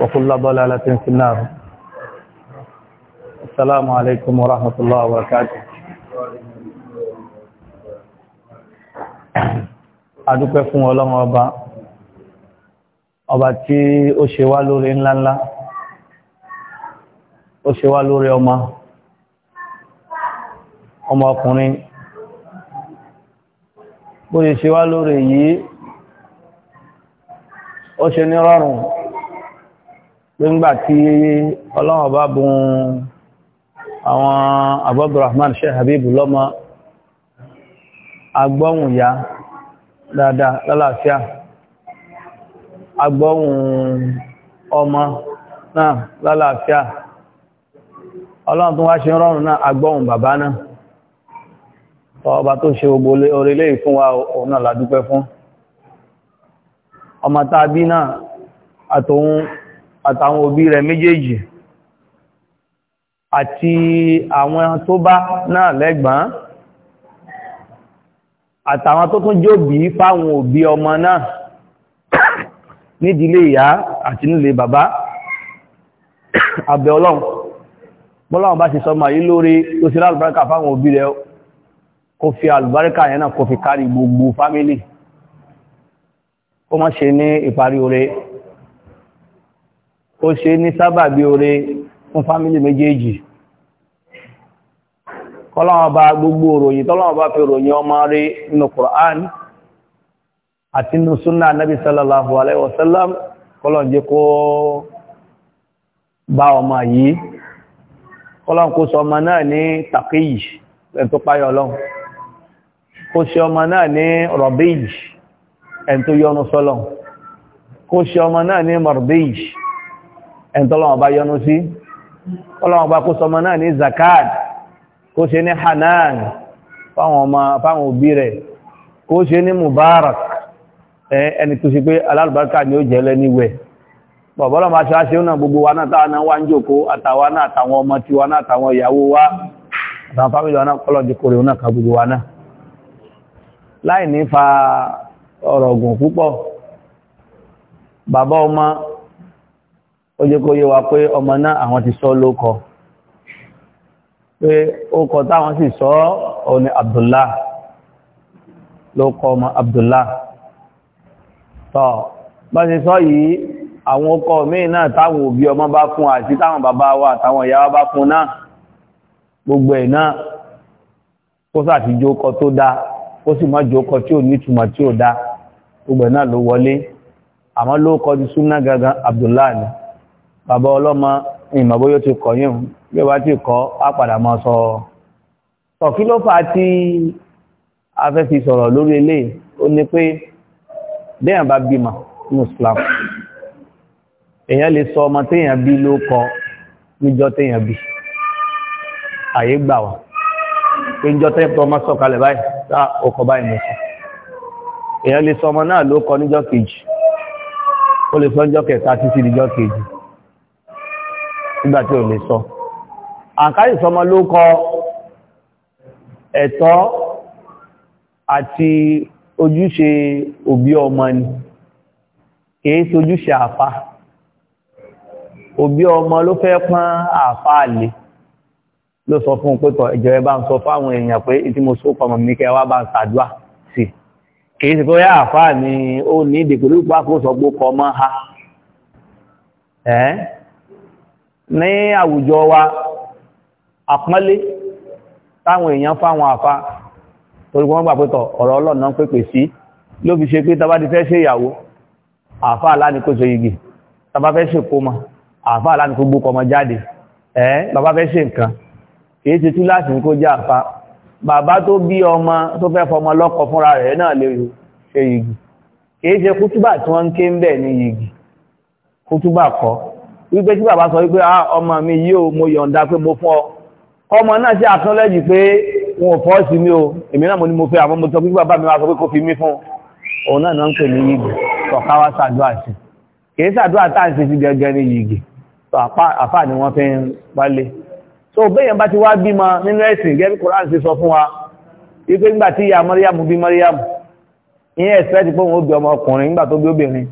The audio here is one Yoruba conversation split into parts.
وكل ضلالة في النار السلام عليكم ورحمة الله وبركاته adúpẹ́ fún ọlọ́run ọba ọba tí ó ṣe wá lórí ńláńlá ó ṣe wá lórí ọmọ ọmọkùnrin bó ṣe wá lórí yìí ó ṣe ní rọrùn pé ńgbà tí ọlọ́wọ̀n bá bùn àwọn abdulrahman sheikh habibu lọ́mọ agbọ́hùn ya dáadáa lálàáfíà agbọ́hùn ọmọ náà lálàáfíà ọlọ́run tó wá ṣe rọrùn náà agbọ́hùn bàbá náà ọba tó ṣe gbogbo orílẹ̀-èdè fún wa òun náà fún ọmọ tàbí náà àtòun àtàwọn òbí rẹ̀ méjèèjì àti àwọn tó bá náà lẹ́gbàá àtàwọn tó tún jóbi fáwọn òbí ọmọ náà nídìílé ìyá àti nílé bàbá àbẹ̀ ọlọ́run bọ́lọ́run bá ti sọ ma yí lórí tó sí lálùbáríkà fáwọn òbí rẹ̀ kó fi àlùbáríkà yẹn náà kó fi kárí gbogbo fámílì ó má ṣe ní ìparí oore ó ṣe ní sábàbí oore fún fámílì méjèèjì kọ́lọ́wọ́n bá gbogbo òròyìn tọ́lọ́wọ́n bá fi ròyìn ọmọ rí nínú Qur'an àti nínú súnà nábi sallallahu alaihi wasallam kọ́lọ́n jẹ́ kó bá ọmọ yìí kọ́lọ́n kó sọ ọmọ náà ní taqiyy ẹ̀tọ́ páyọ̀ lọ́n kó sọ ọmọ náà ní rọ̀bíyì ẹn tó yọ́nú sọ́lọ̀ kó ṣe ọmọ náà ní mardish ẹn tó lọ́wọ́ bá yọ́nú sí ọlọ́wọ́ bá kó sọmọ náà ní zakat kó ṣe ní hanan fáwọn òbí rẹ̀ kó ṣe ní mubarak ẹni tó ṣe pé alálùbáríkà ni ó jẹ́ lẹ́ni wẹ̀ bọ̀bọ́lọ́ máa ṣe aṣe náà gbogbo wa náà táwọn náà wá ń jòkó àtàwọn náà àtàwọn ọmọ tí wa náà àtàwọn ìyàwó wa àtàwọn fámílì wa náà kọ́lọ̀dé kòrè náà ká gbogbo wa náà láì ní fa ọ̀rọ̀ ọ̀gùn púpọ̀ bàbá ọmọ ó jẹ́ kó yé wa pé ọmọ náà àwọn ti sọ lókọ pé ó kọ táwọn sì sọ ọ ní Abdullah ló kọ ọmọ Abdullah tọ́ bá ti sọ yìí àwọn ọkọ̀ míì náà táwọn òbí ọmọ bá fún àti táwọn bàbá wa àtàwọn ìyá wa bá fún náà gbogbo ẹ̀ náà kó sáà tó dáa kó sì má jókọ tí ò nítumọ̀ tí ò dáa gbogbo náà ló wọlé àmọ́ ló kọ́ di súnà gangan abdullahi ni bàbá ọlọ́mọ ìmọ̀bóyó ti kọ̀ yíò bí ó bá ti kọ́ á padà mọ́ sọ ọ̀ kí ló fà tí a fẹ́ fi sọ̀rọ̀ lórí eléyìí ó ní pé déèyàn bá bímọ muslim èèyàn lè sọ ọmọ téèyàn bí ló kọ níjọ́ téèyàn bí àyè gbà wá pé níjọ́ téèyàn tó ọmọ sọ̀kalẹ̀ báyìí ọkọ̀ báyìí mọ̀ sọ̀ èèyàn lè sọ ọmọ náà ló kọ níjọ́ kejì ó lè sọ níjọ́ kẹta títí níjọ́ kejì nígbà tí ò lè sọ àkáyì sọmọ ló kọ ẹ̀tọ́ àti ojúṣe òbí ọmọ ni kìí sojúṣe àfá òbí ọmọ ló fẹ́ pán àfá àlè ló sọ fún pẹ́tọ̀ ìjọ ẹ ń sọ fáwọn èèyàn pé ìtí mo sópa mọ̀ mi kẹ́ bá ń ṣàdúà kìí sí bóyá àfáà ni ó ní ìdìkùlú pàkóso kọ ha ẹ́ ní àwùjọ wa àpọ́nlé táwọn èèyàn fáwọn àfá torí wọ́n gbà pẹ́tọ̀ ọ̀rọ̀ ọlọ́nà pépè sí ló fi ṣe pé tàbá ti fẹ́ ṣe ìyàwó àfá aláni kó so igi tàbá fẹ́ ṣe kó ma àfá aláni kó gbókọ ọmọ jáde ẹ́ bàbá fẹ́ ṣe nǹkan kìí ṣe túláàsì ní kó jẹ́ àfá bàbá tó bí ọmọ tó fẹ́ fọmọ lọ́kọ fúnra rẹ̀ náà lè ṣe yìgì kìí ṣe kútúbà tí wọ́n ń ké ń bẹ̀ ní yìgì kútúbà kọ́ wípé tí bàbá sọ wípé ah, ọmọ mi yìí o mo yọ̀ǹda pé mo fún ọ ọmọ náà ṣe àtúnlẹ́jì pé wọn ò fọ́ sí o èmi náà mo ní mo fẹ́ àmọ́ mo sọ pé bàbá mi wá sọ pé kó fi mí fún òun náà náà ń pè ní yìgì tọ̀ká wá ṣàdúrà sí kìí ṣàdúrà táà ń ṣe ti gẹ́gẹ́ ní yìgì àfáà ni wọ́n fi ń wálé so bẹ́yàn bá ti wá bímọ nínú ẹ̀sìn gẹ́bí koran sí sọ fún wa wípé nígbà tí ìyá mọ́ríyàmù bí mọ́ríyàmù ìyẹn ẹ̀sẹ̀ ti pé òun ó bí ọmọ ọkùnrin nígbà tó bí obìnrin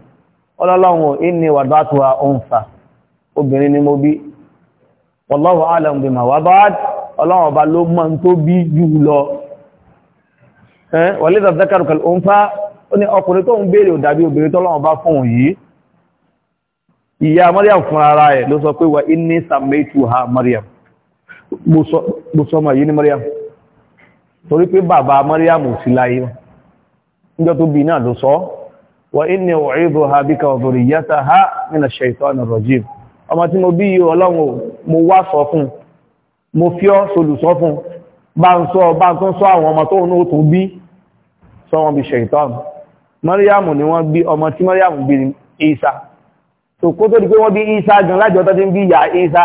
ọlọ́lọ́run ìní wàdátùwà òǹfà obìnrin ni mo bí wallahu alam bima wadat ọlọ́run ọba ló mọ́ tó bí jù lọ wọlé zazakaru kal òǹfà ó ní ọkùnrin tó ń béèrè ò fún òun yìí ló sọ pé wà ìní sàmẹ́tù ha mọ́ríyàmù mo yìí ní Mariam torí pé bàbá Mariam sí láyé níjọ́ tó bí náà ló wà inni u'idhuha bika wa dhurriyyataha minash shaitanir rajim ọmọ tí mo bí yìí ọlọ́run mo wá sọ fún mo fi ọ́ solùsọ fún bá ń sọ bá ń sọ àwọn ọmọ tó ń tó bí sọ wọn bí ni wọ́n bí ọmọ tí Isa pé wọ́n bí Isa Isa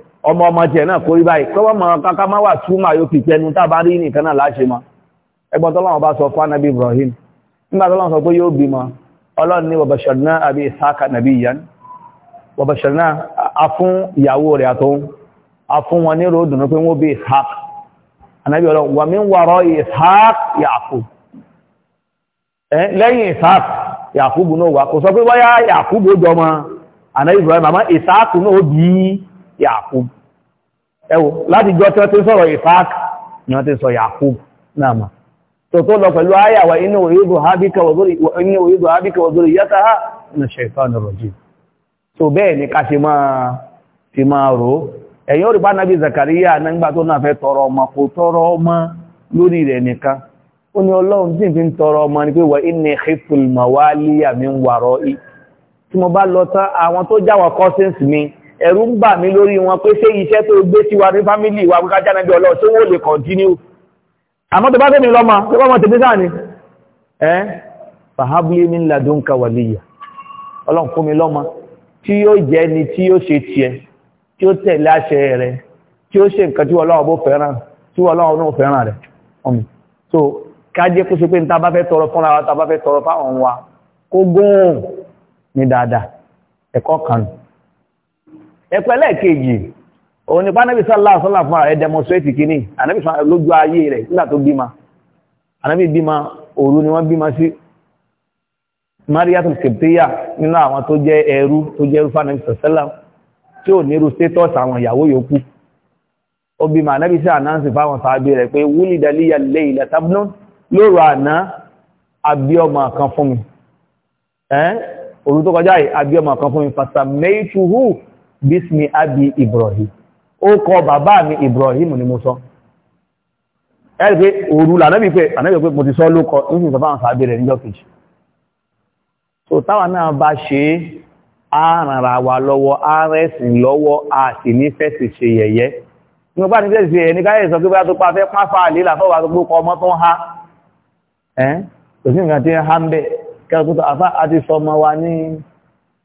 ọmọ ọmọ tiẹ̀ náà kórí báyìí kọ́wọ́ mọ̀ kankan máa wà túmọ̀ yóò fi tẹnu tábà rí nìkan náà láṣẹ mọ́ ẹgbọ́n tọ́lọ́wọ́ bá sọ fún anabi Ibrahim nígbà tọ́lọ́wọ́ sọ pé yóò bímọ ọlọ́run ní wabasharna abi Ishaqa nabiyyan wabasharna afún ìyàwó rẹ̀ àtọ́hún afún wọn ní ròdùnú pé wọ́n bí Ishaq anabi ọlọ́run wa min wara'i Ishaq Yaqub lẹ́yìn Ishaq Yaqub náà wà kò sọ pé wáyà Yaqub ó jọmọ anabi Ibrahim àmọ́ Ishaq náà ó bí i Yakub ẹwò láti jọ tí wọ́n ti ń sọ̀rọ̀ Isaac ni wọ́n ti sọ Yakub náà mà tó tó lọ pẹ̀lú ayàwà inú òyìnbó hábíkà wọ́dúrí yẹ́ta ha ní ṣẹ̀tàn rọ̀jì tó bẹ́ẹ̀ ni ká ṣe máa fi máa rò ẹ̀yìn orí bá nábi Zakariya nígbà tó náà fẹ́ tọrọ ọmọ kò tọrọ ọmọ lórí ẹ̀rù ń bà mí lórí wọn pé ṣé iṣẹ́ tó gbé sí wa ní fámílì wa wíká jáde bí ọlọ́ọ̀ tó lè continue àmọ́ tó bá tẹ̀mí lọ́mọ tó bá mọ̀ tẹ̀mí sáà ni ẹ́ fàhábùlé ní ladunka wàlíyà ọlọ́run fún mi lọ́mọ tí yóò jẹ́ ni tí yóò ṣe tiẹ̀ tí ó tẹ̀lé àṣẹ rẹ̀ tí ó ṣe nǹkan tí ọlọ́run bó fẹ́ràn tí ọlọ́run fẹ́ràn rẹ̀ so kájẹ́ kó ṣe pé níta bá fẹ́ tọrọ fúnra wa ta bá ẹ̀kọ́ kan ẹ̀kọ́ ẹlẹ́ẹ̀kejì òun ni bánabi sálà sálà fún ẹ̀ demonstrate kìíní ànábì sọ lójú ayé rẹ̀ nígbà tó bímọ ànábì bímọ òru ni wọ́n bímọ sí mariatul kiptiya nínú àwọn tó jẹ́ ẹrú tó jẹ́ ẹrú fánabi sọ̀sẹ́là tí ò nírú status àwọn ìyàwó yòókù ó bímọ ànábì sí ànáǹsì fáwọn sàábì rẹ̀ pé wúlì dalíyà lè ilẹ̀ tábùnú lóru àná abíọ́mọ kan fún mi òru tó kọjá yìí abíọ́mọ kan fún mi fàṣà mẹ́ìtúhù bísmi abi ibrahim ó kọ bàbá mi ibrahim ni mo sọ ẹ̀rì pé òru lànàbí pé ànàbí pé mo ti sọ ló kọ ní ìsọ̀fà àwọn sàábé rẹ̀ níjọ́ kejì so táwa náà bá ṣe á rànra wa lọ́wọ́ á rẹ̀sìn lọ́wọ́ a sì ní fẹ́sì ṣe yẹ̀yẹ́ ní ọgbà ní fẹ́sì ṣe yẹ̀yẹ́ ní káyẹ̀ sọ pé bá tó pa fẹ́ pàfà lílà fọ́wà tó gbókọ ọmọ tó ń ha ẹ́ kò sí nǹkan tí ń ha ń bẹ̀ kẹ́kọ̀ọ́ àti sọmọ wa ní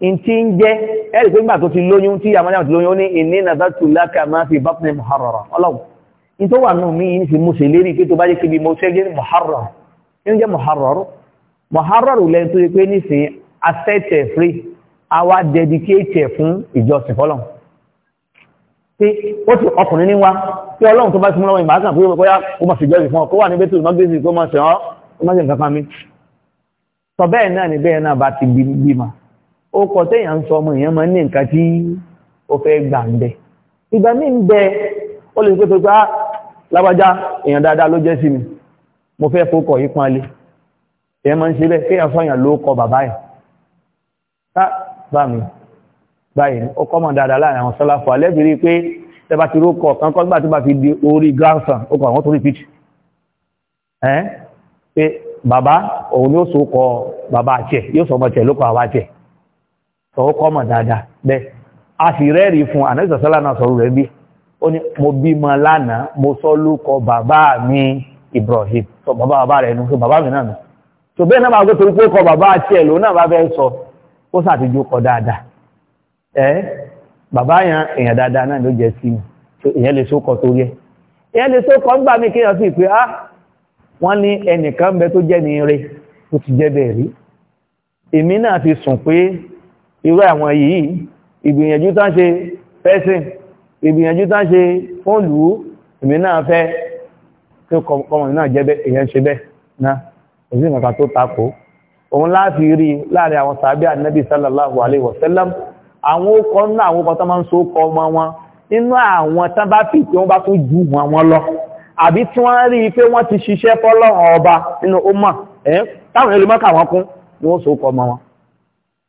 ntí ń jẹ́ ẹ̀rì pé nígbà tó ti lóyún tí àmọ́jà ti lóyún ó ní inni nazartu laka ma fi batni muharrara ọlọ́run ní tó wà náà míì fi mú sèlérí pé tó bá jẹ́ kíbi mo ṣẹ́gẹ́ muharrar ní jẹ́ muharrar muharrar lẹ́yìn tó yẹ asẹ́tẹ̀ free awa dedicate fún ìjọsìn fọlọ́n pé ó ti ọkùnrin ní wa pé ọlọ́run tó bá ti mú lọ́wọ́ ìmọ̀ àkàn fún yóò kó máa fi ìjọsìn fún ọ kó wà níbi tó máa gbé ni bẹ́ẹ̀ náà bá ó kọ téèyàn ń sọ ọmọ èèyàn máa ní nǹkan tí ó fẹ́ gbà ń bẹ ìgbà míì ń bẹ ó lè pépé pé ah, lábájá èèyàn dáadáa ló jẹ́ sí mi mo fẹ́ fókọ̀ yí pọ́nlé máa ń ṣe bẹ́ẹ̀ kéèyàn ló kọ bàbá ká ah, bá mi báyìí ó dáadáa láàrin àwọn sọ́láfọ́ pé ti tó bá fi di orí sọ ọmọ tẹ̀ ló tọ́wọ́ kọ́ mọ̀ dáadáa a sì rẹ́rìí fún ànẹ́sọ̀sọ́lá náà sọ̀rọ̀ rẹ̀ bí ó ní mo mọ lánàá mo sọ lókọ bàbá mi Ibrahim sọ bàbá bàbá rẹ̀ nù sọ bàbá mi náà nù tó bẹ́ẹ̀ náà bá kọ bàbá àti ẹ̀ lòun sọ ó sàtijọ́ kọ dáadáa ẹ bàbá yẹn èèyàn dáadáa náà ló jẹ sí mi èèyàn lè sókọ èèyàn lè sókọ mí kéèyàn sì pé ah! wọ́n ní ẹnìkan bẹ tó jẹ́ ó ti jẹ́ bẹ́ẹ̀ rí èmi náà ti sùn pé irú àwọn yìí ìgbìyànjú tán ṣe fẹ́sìn ìgbìyànjú tán ṣe fóòlù èmi náà fẹ́ kí kọmọ̀ náà jẹ́ èyàn ṣe bẹ́ẹ̀ náà òsì nǹkan tó takò òun láti rí láàrin àwọn sàábí ànábì sallallahu alaihi wasallam àwọn okọ̀ nínú àwọn okọ̀ tó máa ń so kọ ọmọ wọn nínú àwọn tán bá fi tí wọ́n bá tó ju wọn wọn lọ àbí tí wọ́n rí i pé wọ́n ti ṣiṣẹ́ fọ́lọ́run ọba nínú ó mọ̀ ẹ́ táwọn ẹlòmọ́kà wọn kún ni wọ́n so kọ ọmọ wọn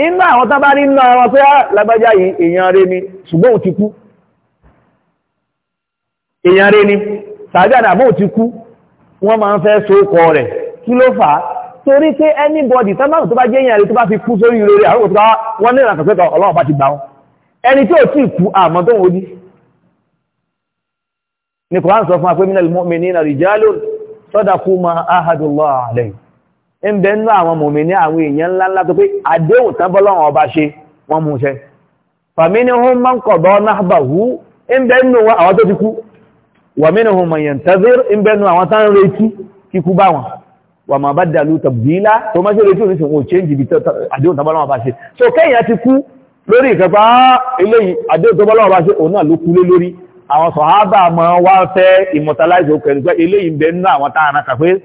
inú àwọn tán bá ní inú àwọn pé ah, lágbájá èèyàn rẹ̀ ni ṣùgbọ́n òun ti kú èèyàn rẹ̀ ni sàájáde àbó ti kú wọ́n máa ń fẹ́ sókọ rẹ̀ kí ló fà á torí pé anybody tán bá tó bá jẹ́ èèyàn rẹ̀ tó bá fi kú sórí rere àwọn òtúbá wọ́n ní ń bẹ nínú àwọn mòmí ní àwọn èèyàn ńláńlá tó pé àdéhùn tán bọ́lọ́wọ́n ọba ṣe wọ́n mú ṣẹ faminihum man qada nahbahu ń bẹ nínú àwọn tó ti kú wa minhum man yantazir ń bẹ nínú àwọn tán retí kíkú bá wọn wa ma baddalu tabdila tó máa ṣe retí oníṣẹ́ wọn ò change ibi àdéhùn tán ọba ṣe so kéèyàn ti kú lórí ìkẹfà eléyìí àdéhùn tán bọ́lọ́wọ́n ọba ṣe òun náà ló kú lé lórí àwọn sọ̀hábà máa wá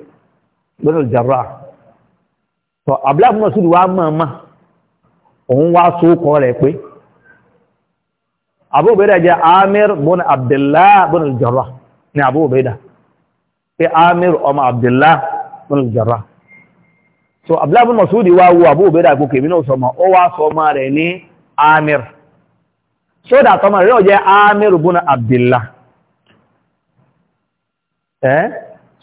lọ́dọ̀ jàrá tọ́ abdullahi masud wa òun wá sókọ rẹ̀ pé abu jẹ́ amir bọ́n abdullah bọ́n jàrá ni pé amir ọmọ abdullah bọ́n jàrá so abdullahi masud wa wo abu beda gòkè mí náà sọmọ ó wá sọmọ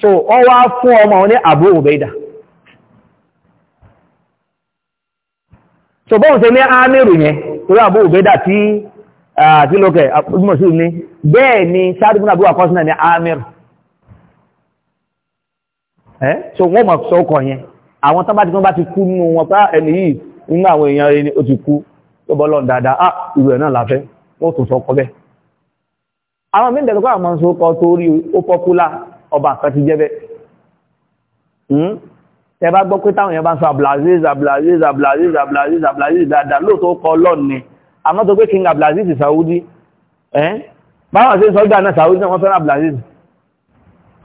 so wọ́n wá fún ọmọ ní Abu Ubaida so bọ́n ṣe ní amiru yẹn orí Abu Ubaida tí àti lókẹ̀ ọdúnmọ̀ sí ní bẹ́ẹ̀ ni sáàdùkún àbúwà kọ́sínà ní amiru ẹ́ so wọ́n mọ̀ sọ́kọ̀ yẹn àwọn tán bá ti kán bá ti kú nínú wọn pá ah, ẹni yìí nínú àwọn èèyàn rẹ̀ ni ó ti kú tó bọ́ lọ́n dáadáa ah ìlú ẹ̀ náà ọba kan ti jẹ́bẹ̀ hmm? tẹ bá gbọ́ pé táwọn èèyàn bá ń sọ abdulaziz abdulaziz abdulaziz abdulaziz abdulaziz dáadáa lóòótọ́ lọ́n ni àmọ́ tó pé king abdulaziz saudi báwọn ṣe ń sọ ìgbà náà saudi náà wọ́n fẹ́ràn abdulaziz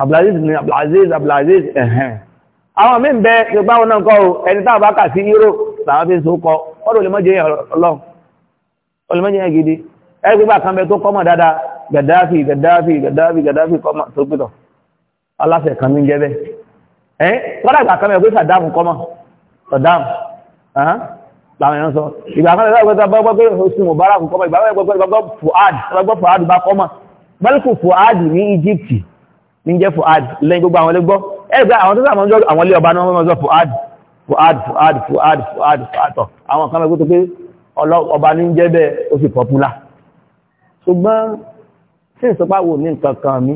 abdulaziz ni abdulaziz abdulaziz ẹ̀hẹ́n àwọn mí bẹ yorùbá wọn náà kọ́ ẹni táwọn bá kà sí europe làwọn fi ń so kọ ọ̀rọ̀ gidi ẹgbẹ́gbà kan bẹ tó kọ́mọ̀ dáadáa gaddafi gaddafi gaddafi gaddafi kọ́mọ̀ tó aláṣẹ kan ní jẹ́bẹ̀ ẹ́ kọ́dà ìgbà kan mẹ́gbẹ́ sàdáàmù kọ́mọ̀ sàdáàmù láwọn èèyàn sọ ìgbà kan mẹ́gbẹ́ sàdáàmù pé oṣù mubarak kọ́mọ̀ ìgbà mẹ́gbẹ́ fuad bá kọ́mọ̀ bẹ́lùkù fuad ní Egypt ní jẹ́ fuad lẹ́yìn gbogbo àwọn ẹlẹ́gbọ́ ẹgbẹ́ àwọn tó sàmọ́ àwọn ilé ọba náà wọ́n sọ fuad fuad fuad fuad fuad fuad àwọn kan mẹ́gbẹ́ tó pé ọba ní jẹ́ bẹ́ẹ̀ ó sì popular ṣùgbọ́n sí ìsọpáwò ní nǹkan kan mi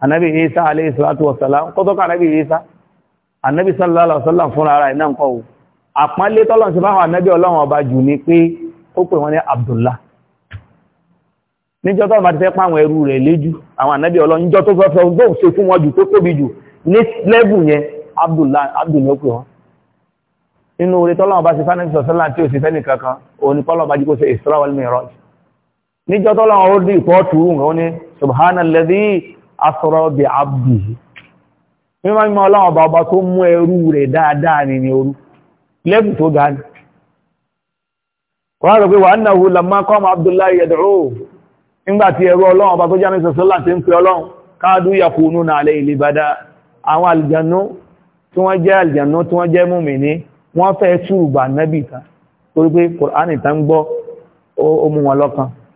anabi isa alayhi salatu wasalam kó tó ká anabi isa anabi sallallahu alaihi wasallam fúnra ara iná nǹkan o àpọ́nlé tọ́lọ́n sí fáwọn anabi ọlọ́run ọba jù ní pé ó pè wọ́n ní abdullah níjọ́ tọ́lọ́n bá ti fẹ́ pa àwọn ẹrú rẹ̀ léjú àwọn anabi ọlọ́run níjọ́ tó fẹ́ tó ṣe fún wọn jù tó tóbi jù ní lẹ́bù yẹn abdullah abdul ló pè wọ́n inú orí tọ́lọ́run bá ti fẹ́ anabi sọ̀sọ́lá tí ò sì fẹ́ nìkankan òun ni tọ́lọ́run bá jí kó ṣe isra wal miraj níjọ́ tọ́lọ́run ó dì ìpọ́ọ̀tù òun ní subhanalladhi asọ́rọ̀ bí abdì mímọ̀ mímọ̀ ọlọ́wọ̀n bàbá tó mú ẹrú rẹ̀ dáadáa ní ní orú lẹ́bù tó ga ní kọ́nà rẹ̀ pé wà náà hù lamá kọ́mà abdullahi yad'u nígbàtí ẹrú ọlọ́wọ̀n bàbá tó jáde sọ́sọ́lá ti ń pè ọlọ́run káàdù yakununa alayhi libada àwọn àlìjànú tí wọ́n jẹ́ àlìjànú tí wọ́n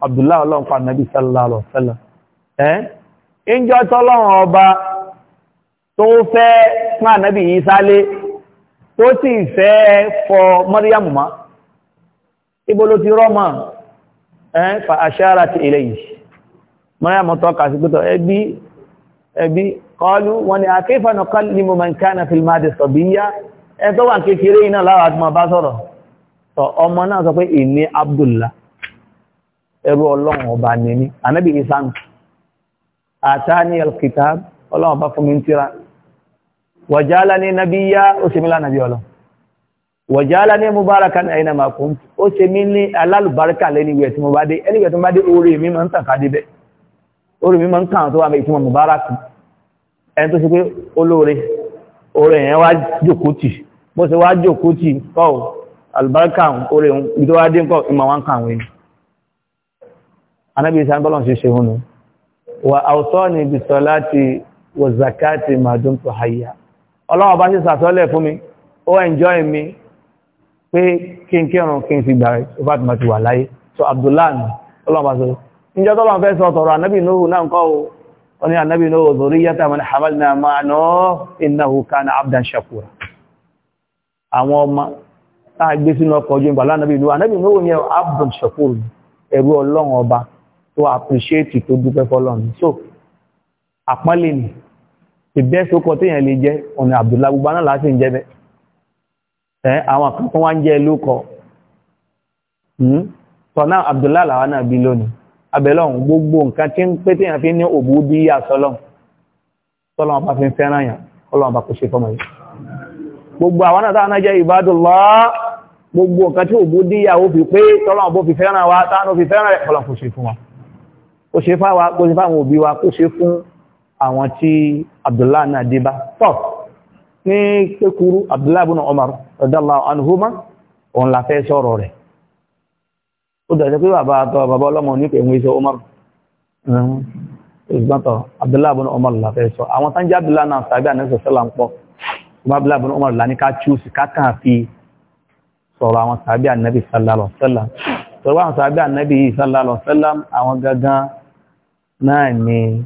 abdullahi ọlọ́run fa sallallahu alaihi wasallam ìjọ tọ́lọ́run ọba tó fẹ́ fún ànábì Ìsá lé tó sì fẹ́ fọ Mọ́ríyàmù mọ́ ibo ló ti rọ́mọ̀ ẹ́ fa asharat ilayhi Mọ́ríyàmù tọ́ka sí pẹ́tọ̀ ẹbí ẹbí kọlu wọn ni kayfa nukallimu man kana fil madi sabiyya ẹ tó wà kékeré iná láwà àti mọ̀ bá sọ̀rọ̀ tọ ọmọ náà sọ pé ìní Abdullah ẹrú ọlọ́run ọba nìní ànábì Ìsá nù àtàní alkitab ọlọ́wọ́ bá fún mi tíra wàjálá ní nàbíyá ó ṣe mí lánàbí ọlọ́ wàjálá ní mubaraka ní àyínà makon ó ṣe mí ní alálùbáríkà lẹ́niwẹ̀ tí mo bá dé ẹniwẹ̀ tí mo bá dé orí mi máa ń tàn ká débẹ̀ orí mi máa ń kàn tó wà mí ìtumọ̀ mubaraka ẹni tó ṣe pé olóore orí yẹn wá jòkó tì bó ṣe wá jòkó tì kọ́ alùbáríkà orí ìdọ́wádé kọ́ ìmọ̀ wọn kàn wọ́n anábìyí sáńbọ́lọ́ ṣe ṣe hún nù wa awsani bi salati wa zakati ma dumtu hayya Ọlọ́run bá sì sàtọ́lẹ̀ fún mi ó enjoy mi pé kí n kírun kí n fi gbààwẹ̀ ó ti máa ti so Abdullah Ọlọ́run bá sọ níjọ́ tó bá ń fẹ́ sọ tọrọ ànábì nóhù náà kọ́ o ó ní ànábì nóhù dhurriyyata man hamalna ma'a Nuh innahu kana abdan shakura àwọn ọmọ táà gbé sínú ọkọ̀ ojú ìgbàlá ànábì nóhù ànábì nóhù ní abdan shakura ẹ̀rú Ọlọ́run ọba tó appreciate tó dúpẹ́ fọ́lọ́run so àpọ́nlé ni the best ó kọ téèyàn lè jẹ́ ọ̀nà Abdullah gbogbo náà láti ń jẹ́ bẹ́ ẹ̀ àwọn kan tó wá ń jẹ́ ló tọ́nà hmm? Abdullah làwọn náà bí lónìí abẹ́lọ́hùn gbogbo nǹkan tí ń pé téèyàn fi ní òbú bí yà sọlọ́hùn tọ́lọ́hùn bá fi ń fẹ́ràn yàn ọlọ́hùn bá kò ṣe fọmọ yìí gbogbo àwọn náà táwọn náà díyàwó fi pé tọ́lọ́hùn bó fi fẹ́ràn wa táwọn fi fẹ́ràn rẹ̀ ọlọ́hùn kò fún wa ó ṣe fáwa kó ṣe fáwọn òbí wa kó ṣe fún àwọn tí Abdullahi náà dé bá tọ́ ní kékuru Abdullahi ibn Umar radallahu anhuma òun la fẹ́ sọ̀rọ̀ rẹ̀ ó dàjẹ́ pé bàbá la fẹ́ sọ àwọn tán jẹ́ Abdullahi náà sàbí àníṣẹ́ sọ́là ń pọ̀ Abdullahi la ní ká chúùsì ká kàn fi sọ̀rọ̀ àwọn sàbí ànábì sallallahu alaihi wasallam sọ̀rọ̀ àwọn sàbí ànábì sallallahu alaihi àwọn gangan náà ni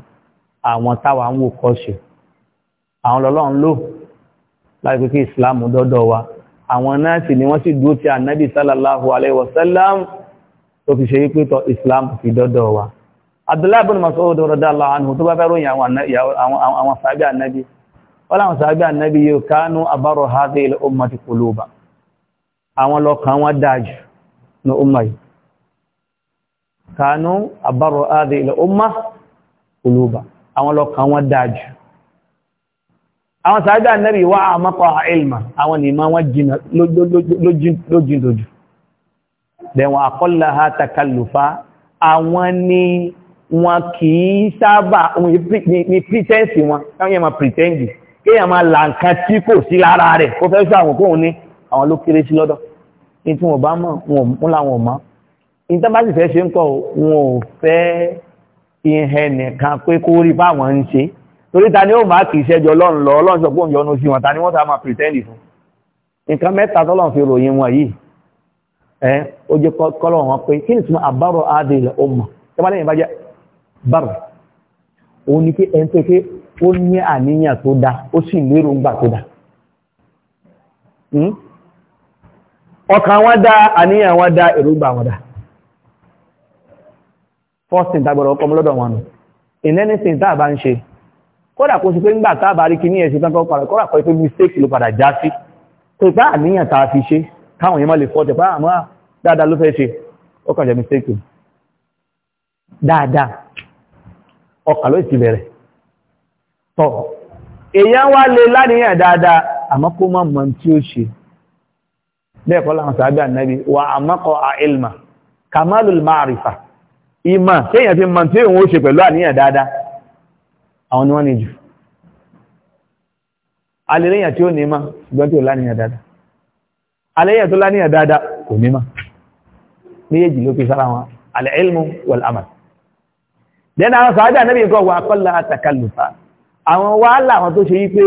àwọn táwa ń wò kọ́ṣe àwọn lọ́lọ́run lò láti pé kí ìsìláàmù dọ́dọ̀ wa àwọn náà sì ni wọ́n sì dúró ti ànábì sallallahu alaihi wasallam tó fi ṣe wípé tọ ìsìláàmù fi dọ́dọ̀ wa Abdullahi bin Mas'ud radallahu anhu tó bá fẹ́ ròyìn àwọn sàábí ànábì wọ́n láwọn sàábí ànábì yóò kánú àbárò hadhihi ummati quluba àwọn lọ́kàn wọn dájú ní umma kánú àbárò áàdì ilẹ̀ ọmọ olóba àwọn lọ́kàn wọn dájú àwọn sàájá nẹ́bí wá àmọ́kọ̀ ilma àwọn ni ma wọ́n jìnà lójìndòjù dẹ̀wọ̀n àkọ́lá ha takallufa àwọn ni wọn kì í sábà ní pretense wọn káwọn yẹn ma pretendi kí yẹn ma là nǹkan tí kò sí lára rẹ̀ kó fẹ́ sọ àwọn kóhun ní àwọn ló kéré sí lọ́dọ̀ ìtàn bá sì fẹ́ ṣe ń kọ́ wọn ò fẹ́ ìhẹ́ nìkan pé kó rí fáwọn ń ṣe torí ta ni ó máa kìí ṣẹjọ lọ́run lọ ọlọ́run sọ pé òun yọnu sí wọn ta ni wọ́n ta máa pìrìtẹ́ndì fún nǹkan mẹ́ta tọ́lọ́run fi ròyìn wọn yìí ẹ ó jẹ́ kọ́lọ̀ wọn pé kí ni tí mo àbárò adé ilẹ̀ ẹ bá lẹ́yìn bá jẹ́ bárò òun ni pé ẹ ń pè pé ó ní àníyàn tó dáa ó sì lérò ńgbà tó dáa hmm? ọkàn wọn dáa àníyàn wọn dáa èròǹgbà wọn dáa first thing tagbọ̀rọ̀ ọkọ̀ lọ́dọ̀ wọn nù in anything tá a bá ń ṣe kódà kó sí pé ńgbà tá a bá rí kí ní ẹ̀sìn tán kọ́ padà kódà kọ́ pé mistake ló padà já sí tó ipá àníyàn tá a fi ṣe káwọn yẹn má lè fọ́tẹ̀ pé ah, àmọ́ dáadáa ló fẹ́ ṣe ọkàn jẹ́ mistake dáadáa ọkàn ló ti bẹ̀rẹ̀ tọ̀ èèyàn wá lè láníyàn dáadáa àmọ́ kó má mọ̀ tí ó ṣe bẹ́ẹ̀ kọ́ láwọn sàábẹ́ ànábi wà àmọ́kọ̀ àìlmà kamalul ma'rifa ìmà téèyàn fi mọ̀ tí òun ó ṣe pẹ̀lú àníyàn dáadáa àwọn ni wọ́n ní jù alẹ́yìn tí ó ní ma ṣùgbọ́n tí ó láníyàn dáadáa alẹ́yìn tó láníyàn dáadáa kò ní ma méjèèjì ló fi sára wọn alẹ́ilmu wal amal then àwọn sàájà níbi nǹkan wà kọ́lá àtàkàlùfà àwọn wàhálà àwọn tó ṣe yí pé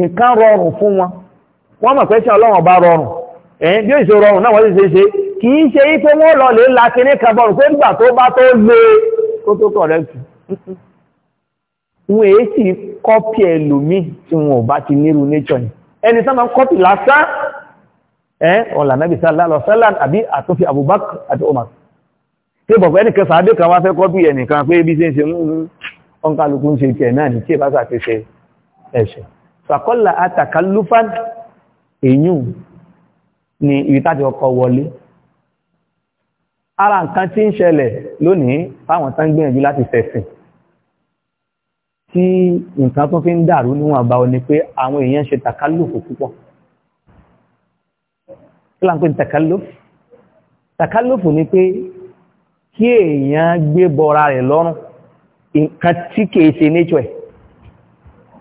nǹkan rọrùn fún wọn wọ́n mọ̀ pẹ́ṣẹ́ ọlọ́run ọba rọrùn ẹ̀yìn bí ó ṣe rọrùn náà wọ́n sì ṣe ṣe kì í ṣe yí pé wọ́n lọ lè la kíní kan bọ̀rùn pé nígbà tó bá tó lé kó tó kọ̀rẹ́kù wọn èyí sì kọ́pì ẹlòmíì tí wọn ò bá ti nírú nature ni ẹni sábà ń kọ́pì lásán ẹ ọ̀là nàbì sallallahu alaihi wasallam àbí àtúnfi Abubakar àti Umar tí bọ̀pọ̀ ẹnì kẹfà adé kan wá fẹ́ kọ́pì ẹnìkan pé ibi ṣe ń ṣe ọ̀nkálukú ń ṣe tiẹ̀ náà ní tí ì bá ṣàtẹ̀ṣẹ̀ ẹ̀ṣẹ̀ fàkọ́là àtàkálúfà èyí ni ìrítàjọ ọkọ̀ wọlé ara nǹkan tí ń ṣẹlẹ̀ lónìí fáwọn tán gbìyànjú láti fẹ̀sìn tí nǹkan tó fi ń dàrú níwọ̀n bá ọ ni pé àwọn èèyàn ṣe takálùfù púpọ̀ kí là ń pè ní takálùfù takálùfù ni pé kí èèyàn gbé bọra rẹ̀ lọ́rùn nǹkan tí kìí ṣe nature ẹ̀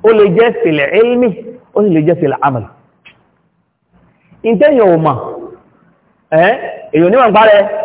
ó lè jẹ́ sílẹ̀ ilmi ó sì lè jẹ́ sílẹ̀ amal ìtẹ́yìn ò mọ̀ èèyàn níwọ̀n parẹ́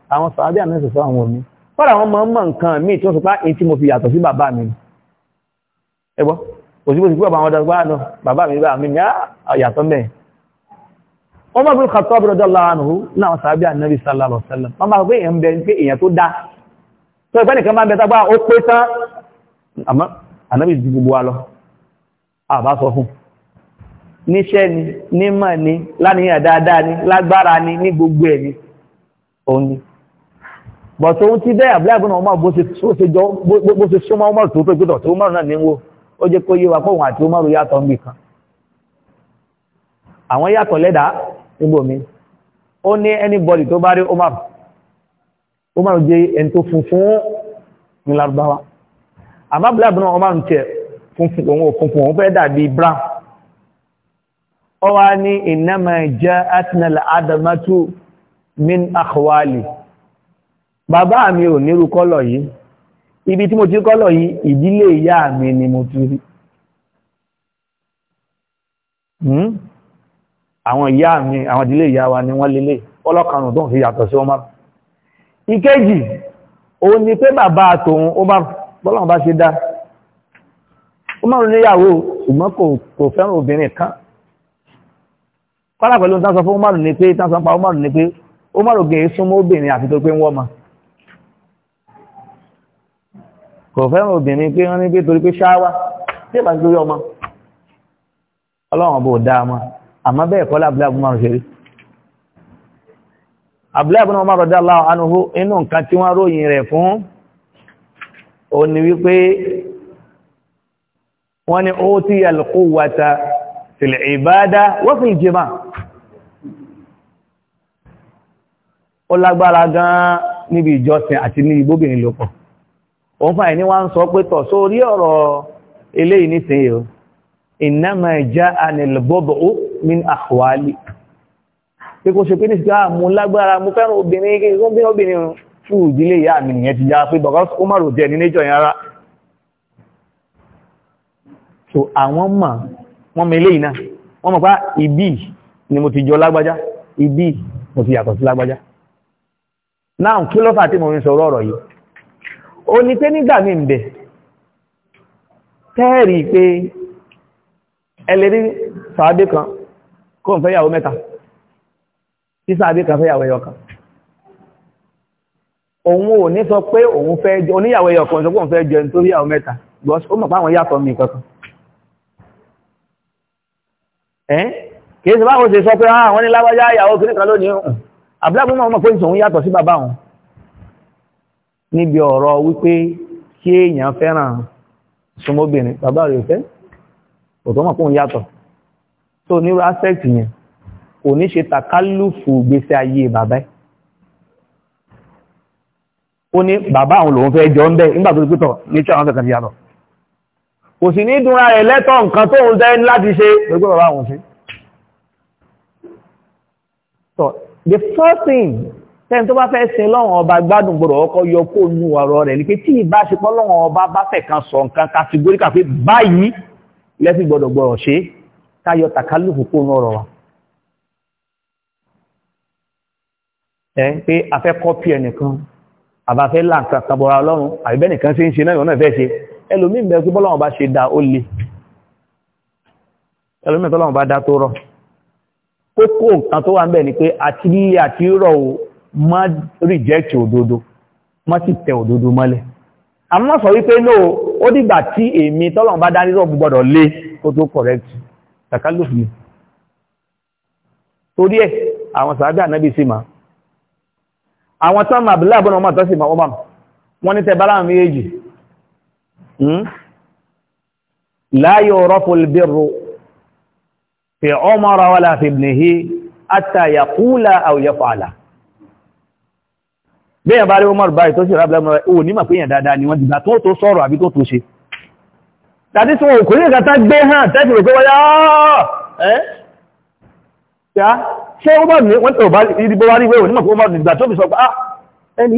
àwọn sàábí àmẹ́sọ̀sọ́ àwọn omi fọ́nà àwọn mọ̀ọ́mọ̀ nǹkan míì tí wọ́n sọ pé ah, èyí tí mo fi yàtọ̀ sí bàbá mi ẹgbọ́ òsìkòsì pé àwọn ọ̀dọ́gbà ah, náà bàbá mi ah, bá mi ní wọ́n mọ̀ níṣẹ́ ni nímọ̀ ni láníyàn dáadáa ni lágbára ni ní gbogbo ẹ̀ ni òun ni bọ̀tọ̀ ohun ti bẹ́ẹ̀ àbúlé àbúnà ọmọ bó ṣe súnmọ́ ọmọ tó pé gbọ́dọ̀ tó márùn náà ní wo ó jẹ́ kó yé wa kóhun àti Umaru yàtọ̀ ń bì kan àwọn yàtọ̀ lẹ́dà nígbò mi ó ní anybody tó bá rí Umaru Umaru jẹ́ ẹni tó funfun ní Lárúbáwá àmọ́ àbúlé àbúnà Umaru tiẹ̀ funfun òun ò funfun òun fẹ́ dàbí brown ó wá ní innama ja'atnal adamatu min akhwali bàbá mi ò nírú kọ́lọ̀ yìí ibi tí mo ti kọ́lọ̀ yìí ìdílé ìyá mi ni mo ti rí hmm? àwọn ìyá mi àwọn ìdílé ìyá wa ni wọ́n lélẹ̀ ọlọ́kanù tó ń fi yàtọ̀ sí ọmọ ìkejì òun ni pé bàbá tòun ó bá bọ́lọ́n bá ṣe dá ó máa ń níyàwó ṣùgbọ́n kò fẹ́ràn obìnrin kan kọ́lá pẹ̀lú tán sọ fún Umaru ni pé tán sọ pa Umaru ni pé Umaru gẹ̀ẹ́ súnmọ́ obìnrin àti tó pé wọ́n máa kò fẹ́ràn obìnrin pé wọ́n ní pé torí pé ṣáwá tí ìbá lórí ọmọ ọlọ́run ọba ò dá ọmọ àmọ́ bẹ́ẹ̀ kọ́ lábúlé abúlé máa ń ṣeré abúlé abúlé máa rọ̀dá láwọn anuhu inú nǹkan tí wọ́n ròyìn rẹ̀ fún ó ní wípé wọ́n ní ó ti yàlùkú wata fil ìbádá wọ́n fi ìjìmá ó lágbára gan níbi ìjọsìn àti ní ibóbìnrin lòpọ̀ òun fàyè ní wọ́n sọ pé tọ̀ sórí ọ̀rọ̀ eléyìí nísìnyí o ìnáma ìjà ànìlbọ́bọ̀ ó min àwálì pé kó ṣe pé nísìnyí àà ah, mú lágbára mú fẹ́ràn obìnrin kí ó bí obìnrin fún ìdílé ìyá mi nìyẹn ti yára pé bọ̀gá ó ah, ibi ni mo ti jọ ibi mo ti yàtọ̀ sí lágbájá náà kí ló ó ní pé nígbà mí ń bẹ̀ tẹ́ẹ̀rí pé ẹlẹ́rí sàádé kan kó ń fẹ́ yàwó mẹ́ta tí sàádé kan fẹ́ yàwó ẹyọ kan òun ò ní sọ pé òun fẹ́ jẹ oníyàwó ẹyọ kan sọ pé òun fẹ́ jẹ nítorí yàwó mẹ́ta gbọ́s ó mọ̀ pé àwọn yàtọ̀ mi kankan ẹ́ kìí sì báwọn ṣe sọ pé ah, níbi ọ̀rọ̀ wípé kí èèyàn fẹ́ràn súnmọ́bìnrin bàbá rẹ̀ fẹ́ ọ̀tọ́mọ̀ kóhun yàtọ̀ tó ní aspect yẹn kò ní ṣe takálùfù gbèsè ayé bàbá ẹ̀ ó ní bàbá àwọn lòun fẹ́ jọ ń bẹ́ nígbà tó pítọ̀ ní tí àwọn fẹ́kàn yàtọ̀ kò sì ní dúnra rẹ̀ lẹ́tọ̀ nǹkan tó ń tẹ́ láti ṣe pẹ̀lú bàbá àwọn fẹ́ so the first thing tẹ́ni tó bá fẹ́ sin lọ́wọ́n ọba gbádùn gbọ́dọ̀ ọkọ̀ yọ kó nu ọ̀rọ̀ rẹ̀ ní pé tí ìbá ṣe pọ́ lọ́wọ́n ọba bá fẹ̀ kan sọ nǹkan kàtìgóríkà pé báyìí lẹ́sìn gbọ́dọ̀ gbọ́dọ̀ ṣe káyọ tàkálùkù kó nu ọ̀rọ̀ wa. ẹ pé a fẹ́ kọ́pì ẹnìkan àbá fẹ́ là nǹkan kan bọ́ra ọlọ́run àbí bẹ́ẹ̀ nìkan ṣe ń ṣe náà ìwọ̀n náà fẹ́ ṣe ẹlòmíì bẹ́ẹ̀ pé bọ́lọ́wọ́n bá ṣe da ó le ẹlòmíì tọ́lọ́wọ́n bá da tó rọ kókó nǹkan tó wà ń bẹ̀ ni pé àti líle àti má rìjẹ́kì òdodo má sì tẹ òdodo mọ́lẹ̀ àmọ́ sọ wípé ló ó dìgbà tí èmi tọ́lọ̀ bá dání rọ̀ gbọ́dọ̀ lé kó tó correct takaluf ni torí ẹ̀ àwọn sàádà náà bí sí ma àwọn tán ma bílá àbọ́nà ọmọ àtọ́sí ma ọmọ wọn ní tẹbàlá àwọn méjì hmm? láyé ọ̀rọ̀fún bẹ̀rù fi ọmọ ọ̀rọ̀ wà láti ibnihi àtàyàkúlà àwòyẹ́fààlà bẹ́yàn bá rí Umar báyìí tó sì rábìlá ọmọ ò nímà pé èyàn dáadáa ni wọ́n dìgbà tó tó sọ̀rọ̀ àbí tó tó ṣe tàbí tí wọ́n kò ní ìkàtà gbé hàn tẹ́jì rò pé wọ́n yá ṣe Umar ní wọ́n tó bá ìdìbò wá rí wé onímà pé Umar nígbà tó fi sọ pé ah ẹni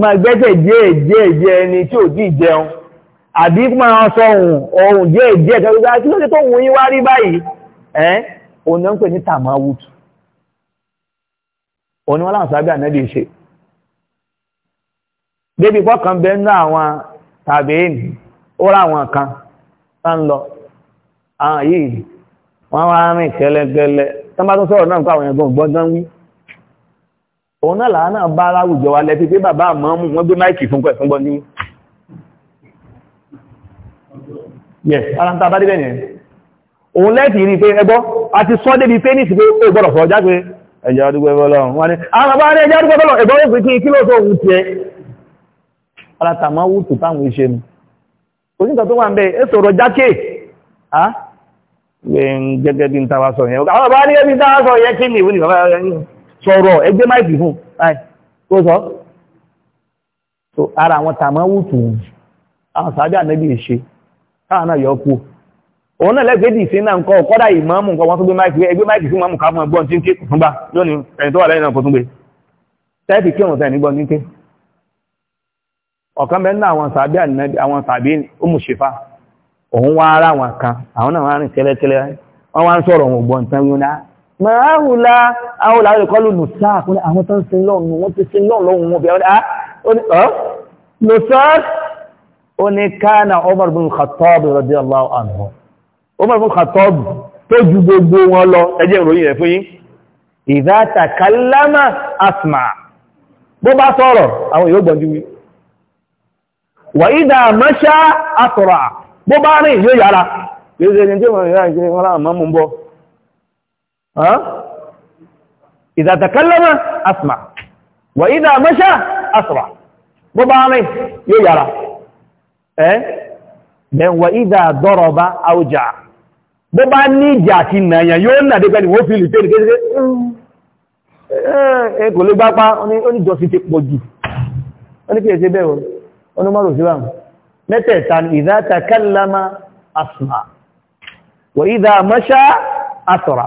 máa gbẹ́sẹ̀ díẹ̀ díẹ̀ díẹ̀ ẹni tí ò dì jẹun àbí máa sọ ohun ohun díẹ̀ díẹ̀ tẹ́lẹ̀ ah, kí ló dé tó wù yín wá rí báyìí ẹ́ òun náà ń pè ní tàmáwùtù òun ni wọ́n láwọn sábẹ́ ànẹ́bí ṣe débi pọ́kàn bẹ́ẹ̀ ní àwọn tàbí ènì ó ráwọn kan tá ń lọ àwọn yìí wọ́n wá rìn kẹ́lẹ́kẹ́lẹ́ tán bá tún sọ̀rọ̀ náà nípa àwọn ẹ̀gbọ́n gbọ́ngán wí òun náà làá náà bá aláwùjọ wa lẹ́tí pé bàbá àmọ́ mú wọ́n gbé máìkì fún pẹ̀fún bọ́ ní yes aláǹta bá débẹ̀ yẹn òun lẹ́tì rí pé ẹgbọ́ àti sọ débi pé nìsí pé ó gbọ́dọ̀ fọ́ jágbe ẹjọ́ adúgbẹ́ bọ́lọ́run wọ́n ni àwọn bàbá ní ẹjọ́ adúgbẹ́ bọ́lọ́run ẹgbọ́ ó fi kí kí ló tó wù tiẹ̀ alátàmọ́ wù tó táwọn iṣẹ́ nu oníkà tó wà ń bẹ ẹ sọ̀rọ̀ jákè á gẹ́gẹ́ bí n ta wa sọ yẹn àwọn bàbá ni sọ̀rọ̀ ẹgbẹ́ máìkì fún báyìí tó sọ so ara àwọn tàmáwùtù àwọn sàájà nẹ́bí ìṣe káwọn náà yọ kú òun náà lẹ́gbẹ́ dì sí náà nǹkan kọ́dà ìmáàmù nǹkan wọ́n tó gbé máìkì ẹgbẹ́ máìkì fún máàmù káfún ẹgbọ́n tí ń ké fún bá lónìí ẹni tó wà lẹ́yìn náà kó tún gbé tẹ́ẹ̀fì kí òun tẹ́ẹ̀ni gbọ́n ní ké ọ̀kan bẹ́ẹ̀ náà àwọn sàábí àwọn sàábí òmùsìfà òun wá ara àwọn kan àwọn náà wá wọ́n wá ń sọ̀rọ̀ òun gbọ́n tán yóná màáhùlá àwọn olàwọ̀ ìkọlù nùsáà kúrò àwọn tó ń sin lọ́nù wọ́n ti sin lọ́nù lọ́wọ́ wọn bí i nùsáà ó ní káànà Umar bin Khattab radiyallahu anhu Umar bin Khattab tó ju gbogbo wọn lọ ẹjẹ́ ìròyìn rẹ̀ fún yín idha takallama asma bó bá sọ̀rọ̀ àwọn yóò gbọ́njú wí wa ها إذا تكلم أسمع وإذا مشى أسرع بابا عليه يجرى إيه وإذا ضرب أوجع bọ́bá ní ìjà àti ìnàyàn yóò nà dé pẹ̀lú wọ́n fi lè tẹ́lẹ̀ tẹ́lẹ̀ ẹ̀ kò lè gbá pa oníjọsí ti pọ̀ jù oníkèèṣe bẹ́ẹ̀ onímọ̀rò sí wàm mẹ́tẹ̀ẹ̀ta ni ìdá takallama asma wa ìdá masha asra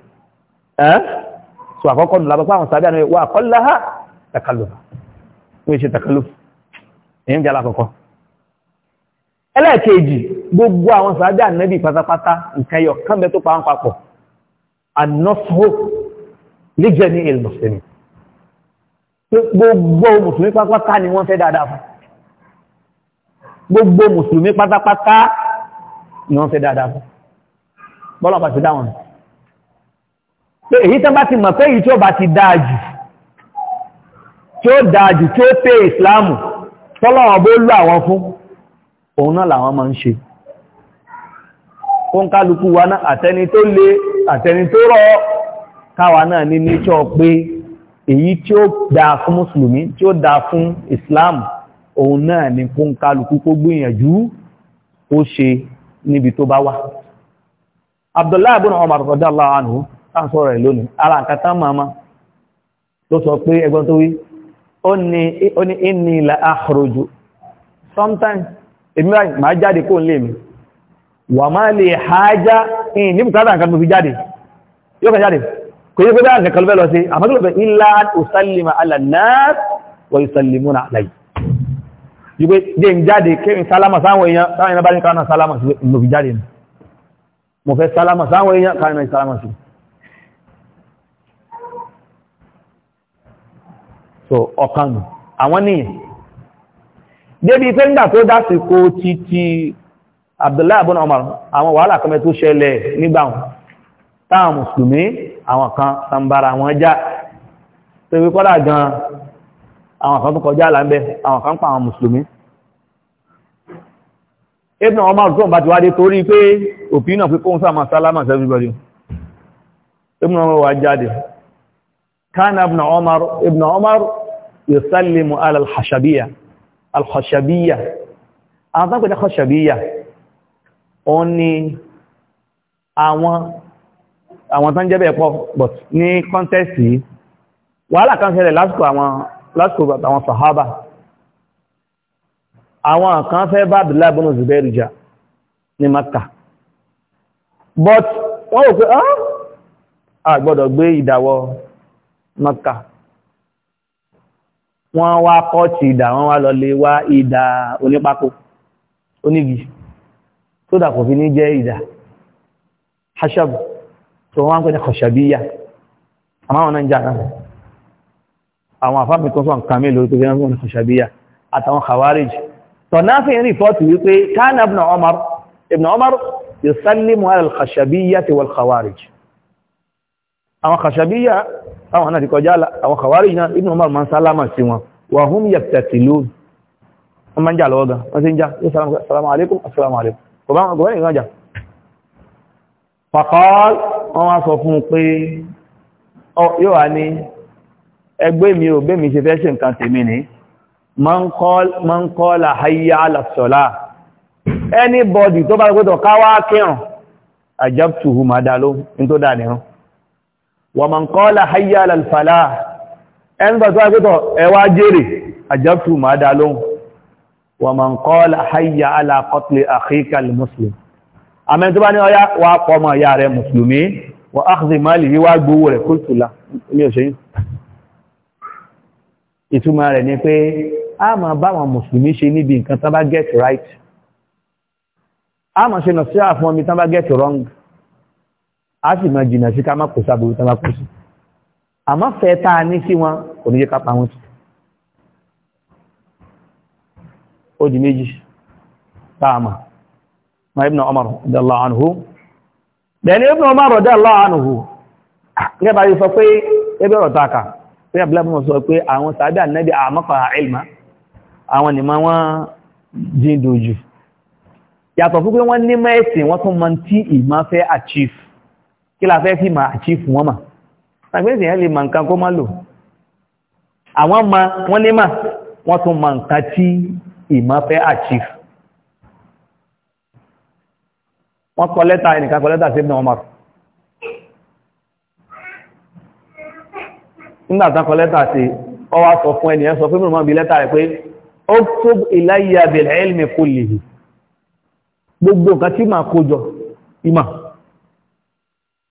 Eh? so àkọ́kọ́ nù lábọ́ pàwọn sàbí àwọn wà kọ́lá ha takallufa wọ́n ṣe takallufu èyàn jẹ́ alákọ̀ọ́kọ́ ẹlẹ́ẹ̀kejì gbogbo àwọn sàbí ànábì pátápátá nkẹyọ kánbẹ tó pa wọn papọ̀ anọ́sọ́ lẹ́jẹ̀ ní ilẹ̀ mùsùlùmí gbogbo mùsùlùmí pátápátá ni wọ́n fẹ́ dáadáa fún gbogbo mùsùlùmí pátápátá ni wọ́n fẹ́ dáadáa fún bọ́lá pàṣẹ dáwọn pé èyí tán bá ti mọ̀ pé èyí tí ó bá ti dáàjù tí ó dáàjù tí ó pé ìsìláàmù tọ́lọ́wọ́n bó lọ àwọn fún òun náà làwọn máa ń ṣe fún kálukú wa náà àtẹni tó le àtẹni tó rọ̀ káwa náà ní níṣọ́ pé èyí tí ó dáa fún mùsùlùmí tí ó dáa fún islam òun náà ni fún kálukú kó gbìyànjú ó ṣe níbi tó bá wà abdullahi ibn umar radiyallahu anhu àṣọ́rọ̀ ìlónìí ara àkàtà màmá ló sọ pé ẹgbọ́n tó wí ó ní inni la akhruju sometimes èmi máa jáde kó lè mi wà máa lè hajá in ní bùkátà nǹkan tó fi jáde yóò kàn jáde kò yí ala nas wa yusallimuna alayya yí pé jẹ́ ń jáde kí n sálámà sáwọn èèyàn sáwọn èèyàn bá ní káwọn sálámà sí mo jáde mo sálámà sáwọn èèyàn káwọn sálámà sí so ọ̀kan nù àwọn nìyẹn débi pé ńgbà tó dásìkò ti ti Abdullahi ibn Umar àwọn wàhálà kan tó ṣẹlẹ̀ nígbà wọn táwọn mùsùlùmí àwọn kan sambara àwọn já tó wí kọ́dà gan àwọn kan tó kọjá àlàmbẹ́ àwọn kan pa àwọn mùsùlùmí Ibn Umar tó bá ti wá dé torí pé òfin náà fi kóhun sáàmà sálámà everybody Ibn Umar wá jáde kánà Ibn Umar Ibn Umar yusallimu ala al-khashabiyya al-khashabiyya àwọn pẹ̀lú khashabiyya ó ní àwọn àwọn tán jẹ́bẹ̀ pọ̀ but ní kọ́ntẹ́sì wàhálà kan ṣẹlẹ̀ lásìkò àwọn lásìkò àwọn sàhábà àwọn kan fẹ́ bá Abdullah ibn Zubair jà ní but wọ́n wò ah gbọ́dọ̀ gbé ìdàwọ̀ Makkah wọ́n wá kọ́ọ̀tì ìdà wọ́n wá lọ lè wá ìdà onípákó onígi tó dà kò fi ní jẹ́ ìdà hashabu tó wọ́n ń pè ní kọ̀ṣàbíyà àmáwọn náà ń jà náà àwọn àfáàmì tó sọ nǹkan mélòó tó gẹ́gẹ́ ní kọ̀ṣàbíyà àtàwọn khawarij tọ̀náfin rìpọ́ọ̀tì àwọn kàṣàbíyà àwọn àná ti kọjá àlà àwọn kàwárí iná inú ọmọ ma ń sálámà sí wọn wà hún yẹ̀tẹ̀tì lóòrù wọ́n ma ń jà lọ́wọ́ gan wọ́n ti ń já assalamu alaikum assalamu alaikum kò bá gọ́ọ̀rẹ́ ìwọ́n jà pàkọ́l wọ́n wá sọ fún un pé yóò wá ní ẹgbẹ́ mi ò bẹ́ mi ṣe fẹ́ ṣe nǹkan tèmi ní man qala hayya ala salah anybody tó bá gbọ́dọ̀ káwá kírun àjẹ́bùtù hùmàdà ló ń tó dà nìran ومن قال حي على الفلاح ان بتاغتو ايوا جيري اجبت ما دالون ومن قال حي على قتل اخيك المسلم اما تباني اويا واقوم يا ري مسلمي واخذ ماله واغبو ري قلت لا mi ò ṣe yín ìtumọ̀ rẹ̀ ni pé a máa bá wọn mùsùlùmí ṣe níbi nǹkan tán bá get right a máa ṣe nà sí àfún omi tán bá get wrong a sì máa jìnà sí ká má kò sábòrò tá bá kú sí àmọ́ fẹ́ tá a ní sí wọn kò ní jẹ́ ká pa wọn sí ó di méjì táàmà ma ibn Umar radiyallahu anhu bẹ̀ẹ̀ni ibn Umar radiyallahu anhu gẹ́gẹ́ bá yìí sọ pé ẹgbẹ́ ọ̀rọ̀ tààkà pé abúlábùn sọ pé àwọn sàábì ànábì àmọ́kọ̀ ilma àwọn nìmọ̀ wọ́n jíndòjù yàtọ̀ fún pé wọ́n ní mẹ́ẹ̀sìn wọ́n tún mọ́ tí ìmá fẹ́ achieve kí la fẹ́ fi ma achieve wọn ma àgbẹ́sì yẹn lè ma nǹkan kó má lò àwọn ma wọ́n lè ma wọ́n tún ma nǹkan tí ìmọ̀ fẹ́ achieve wọ́n kọ lẹ́tà ẹnìkan kọ lẹ́tà sí ibùdó wọn ma nígbà tán kọ lẹ́tà sí ọ wá sọ fún ẹnìyẹn sọ fún mi mọ́ bí lẹ́tà rẹ̀ pé uktub ilayya bil ilmi kullihi gbogbo nǹkan tí màá kó jọ ìmọ̀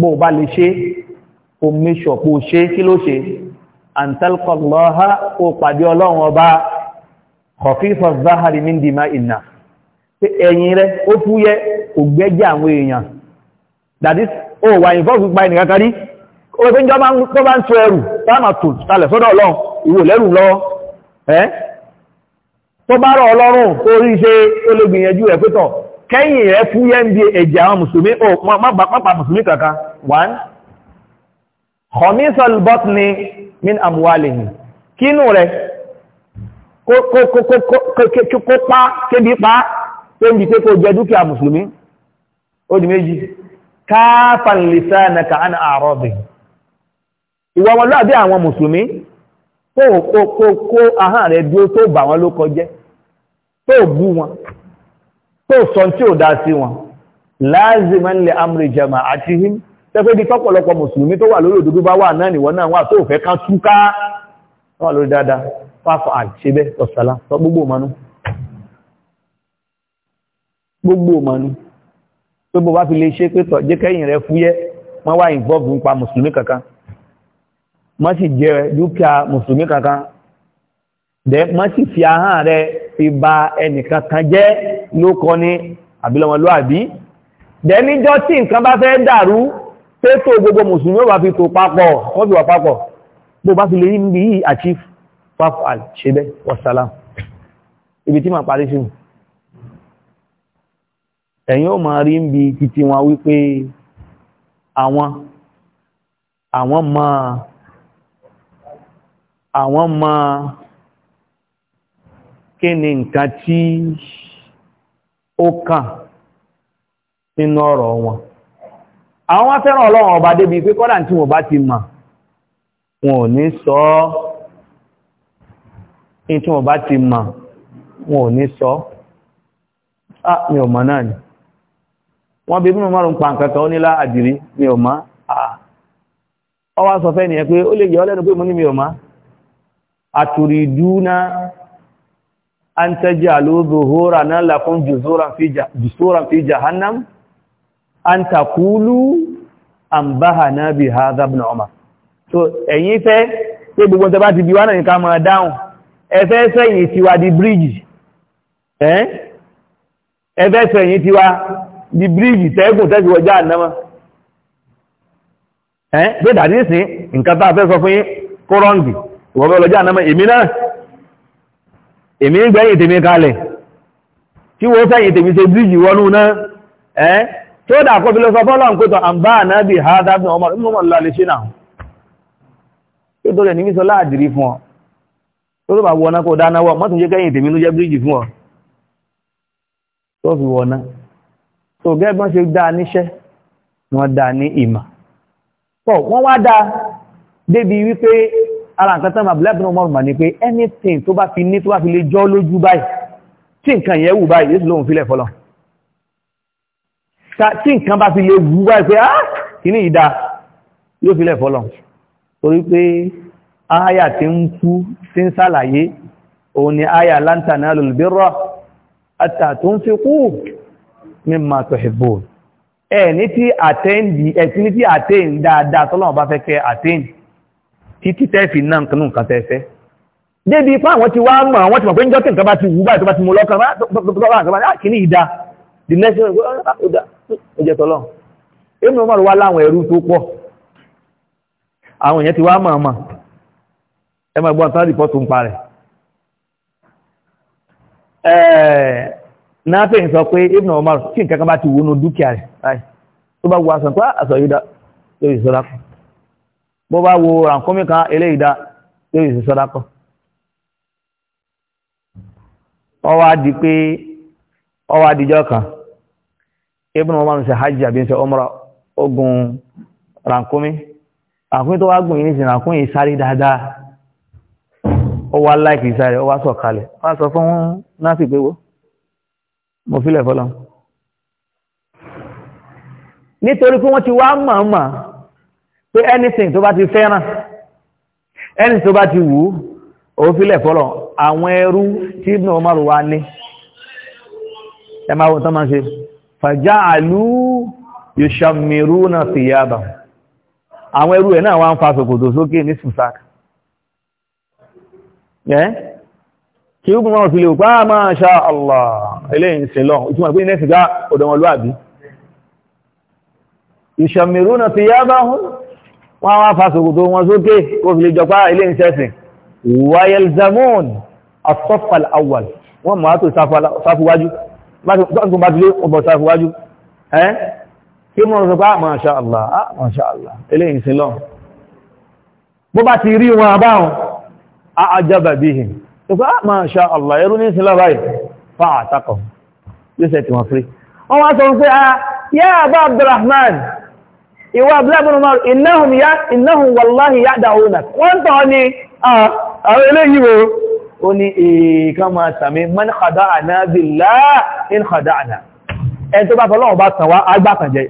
bó bá lè ṣe o mẹ́ṣọ̀ kó ṣe kí ló ṣe àǹtálkọ̀lọ́ha ó pàdé ọlọ́run ọba kọ̀fífọ̀ záhàrí ní dìmá ìnà pé ẹ̀yìn rẹ̀ ó fúyẹ́ kò gbẹ́jẹ́ àwọn èèyàn that is ó wà ìfọ́fù pa ẹnìkan kárí ó pé jọ bá ń tó ẹrù táàmà tó talẹ̀ sọ́dọ̀ ọlọ́run ìwò lẹ́rù kẹ́yìn rẹ̀ fúyẹ́ ń bí ẹ̀jẹ̀ àwọn mùsùlùmí ò mọ́pàá mùsùlùmí kankan one kọ̀mísọ̀lù bọ́tni min àmúwálìhìn kínú rẹ̀ kó pa kébí pa tó ń bí pé kó jẹ dúkìá mùsùlùmí ó di méjì káfàn lìsá na ka ana àrọ́bì ìwọ wọn láàbí àwọn mùsùlùmí kó ahọ́n rẹ̀ bí ó tó bà wọn ló kọjẹ́ tó bú wọn tó sọ tí ò dá sí wọn láàzìmọ́ ilẹ̀ amri jama àti him tẹ́fẹ́ di pọ́pọ̀lọpọ̀ mùsùlùmí tó wà lórí òdúdú bá wà náà nìwọ̀n náà wà tó fẹ́ ká túká wà lórí dáadáa fáfà àṣẹbẹ́ ọ̀sàlá sọ gbogbo ìmọ̀nú gbogbo ìmọ̀nú tó bó bá fi lè ṣe pé tọ̀jẹ́ kẹ́yìn rẹ fúyẹ́ wọ́n wá ẹnìkankan jẹ́ ló kọ ní àbílọ́mọlúàbí dẹ́níjọ́ tí nǹkan bá fẹ́ dàrú pé tó gbogbo mùsùlùmí ó bá fi tó papọ̀ wọ́n fi wà papọ̀ bó bá fi lè rí yìí àchief fafal ṣebẹ́ ma parí sí ẹ̀yin ó ma rí níbi ma àwọn ma kí ni nǹkan tí Ụka nínú ọrọ̀ wọn àwọn wá fẹ́ràn ọlọ́run ọba débi pé kọ́dà tí wọ́n bá ti mà wọn ò ní sọ ọ́ tí wọ́n bá ti mà wọn ò ní sọ á ah, mi ò mọ̀ náà ni wọ́n bí mímọ̀ márùn-ún pa àdìrí mi ò ọ ah. sọ fẹ́ nìyẹn pé ó lè yẹ pé mo ní mi ò mọ̀ an taj'alu zuhurana lakum juzuran fi jusuran fi jahannam an taqulu anbahana bi hadha ibn umar so ẹ̀yin fẹ́ pé gbogbo tẹ́ bá ti bi wa na nǹkan ma down ẹ fẹ́ sẹ́yìn ti wa di bridge eh ẹ fẹ́ sẹ́yìn ti wa di bridge tegun te wo jahannam eh be that is nǹkan tá fẹ́ sọ fún yín ko wrong ìwọ be lọ jahannam èmi náà èmi ń gbẹ̀yìn tèmi kalẹ̀ tí wọ́n sẹ́yìn tèmi ṣe bíríjì wọnú náà ẹ́ tó dà kó fi lọ sọ fọ́lọ́n pé tọ́ àmbá ànábì ha dábì ọmọ ìmọ̀ lọ lè ṣe náà tó tó rẹ̀ ní mísọ láàdìrí fún ọ tó tó bá wọná kó dáná wọ mọ́tún jẹ́ kẹ́yìn tèmi ló débi wípé ara nǹkan tán Abdullahi ibn Umar mà ní pé anything tó bá fi ní tó bá fi lè jọ́ lójú báyìí tí nǹkan yẹn wù báyìí yéṣù lóhun fílẹ̀ fọlọ́ tí nǹkan bá fi lè wù báyìí pé ah kìíní ìdá yóò fílẹ̀ fọlọ́ torí pé ááyà tí ń kú tí ń sàlàyé òun ni ááyà lan tanalul birra hatta tunfiqu mimma tuhibbun ẹ̀ ní tí àtẹ́ǹdì ẹ̀ tí ní tí àtẹ́ǹdì dáadáa tọ́lọ́wọ́ bá fẹ́ kẹ́ àtẹ́ǹdì títí tẹ́ẹ̀fì náà kanú nǹkan tẹ́ẹ̀fẹ́ débi ipá àwọn ti wá mọ̀ àwọn ti mọ̀ pé ń jọ́ tí nǹkan bá ti wù báyìí tó bá ti mú lọ́kàn bá kìíní ah, ìdá the next one ọdá ọjọ́ tọ́lọ́ èmi ọmọ rẹ̀ wá láwọn ẹ̀rú tó pọ̀ àwọn èèyàn ti wá mọ̀ mọ̀ ẹ máa gbọ́n tán rìpọ́tù ń parẹ̀ náàfẹ́ ń sọ pé èmi ọmọ rẹ̀ kí nǹkan bá ti wù nú dúkìá rẹ̀ tó bá wù aṣọ pé ah, aṣọ yóò dá lórí ìṣọ́lá kan bó bá wo ràǹkómi kan eléyìí dá yóò sì sọ́dákọ́ ó wá di pé ó wá kan ibùn àbí ọmọ ogun ràǹkómi ràǹkómi tó wá gùn yìí nìsín ràǹkómi yìí sáré dáadáa ó wá láìkì sáré ó wá sọ ó wá sọ fún násì pé mo fílẹ̀ fọlọ́ nítorí pé wọ́n ti wá pé anything tó bá ti fẹ́ràn anything tó bá ti wù ú òun fílẹ̀ fọ́lọ̀ àwọn ẹrú tí Ibn Umar wá ní ẹ máa wọ́n tán máa ṣe faja'alu yushammiruna thiyaba àwọn ẹrú ẹ̀ náà wá ń fa ṣòkòtò sókè ní sùsák kí ó gbọ́nà fílẹ̀ òpá ah, máa ṣá Allah eléyìn sílọ̀ ìtumọ̀ pé ní ẹ̀sìn gá ọ̀dọ̀mọlúwàbí yushammiruna thiyabahum wọ́n wá fa ṣòkòtò wọn sókè kó fi lè jọpá ilé ìṣẹ́sìn wayel zamon asọ́fàl awal wọ́n mọ̀ átò sáfúwájú bá ti lé ọbọ̀ sáfúwájú ẹ́ kí mọ́ sọ pé masha Allah masha ah, Allah ilé ìsìn lọ bó bá ti rí wọn àbáhùn àjábà bí i tó pé ah, masha Allah ẹrú ní ìsìn lábáyì fa àtakọ̀ yóò sẹ́ ti wọn fírí wọ́n wá sọ pé ah, yá Abba Abdurrahman ìwà abúlábùnumar ináhùn ya ináhùn wàláhì ya dáhùnà wọ́n tọ́ ni ah, àwọn eléyìnwó ó ní èèkà máa sàmì man kàdá àná bí láà in kàdá àná ẹni tó bá fọ́lọ́wọ́ bá tàn wá agbákanjẹ́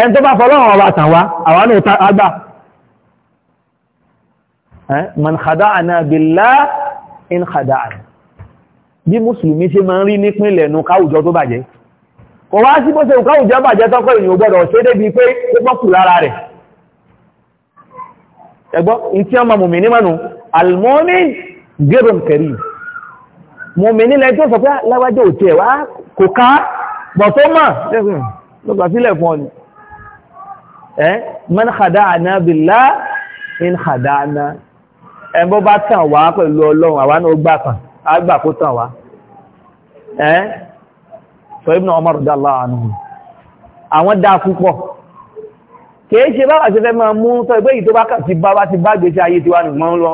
ẹni tó bá fọ́lọ́wọ́ bá tàn wá àwọn agbá man kàdá àná bí mùsùlùmí ṣe máa ń rí nípínlẹ̀ nù káwùjọ tó bàjẹ́ kò wá sí bó ṣe nǹkan òjò bàjẹ́ tọ́kọ̀ ènìyàn gbọ́dọ̀ ṣe débi pé ó pọ́kù lára rẹ̀ ẹgbọ́ ìtí ọmọ mùmìnì mọ́nu almomin gẹ́rùn kẹrì mùmìnì lẹ́jọ́ sọ pé ah, láwájọ́ òtẹ́ wá kò ká bọ̀ tó mọ̀ lọ́gbà sílẹ̀ fún ọni ẹ́ man khada'ana billah in khada'ana ẹ̀bọ́ bá tàn sọ Ibn Umar radiyallahu anhu àwọn dáa púpọ̀ kìí ṣe báwà ṣe fẹ́ máa mú sọ ìgbé yìí tó bá kà ti bá wá ti bá gbèsè ayé tiwa nìmọ́ lọ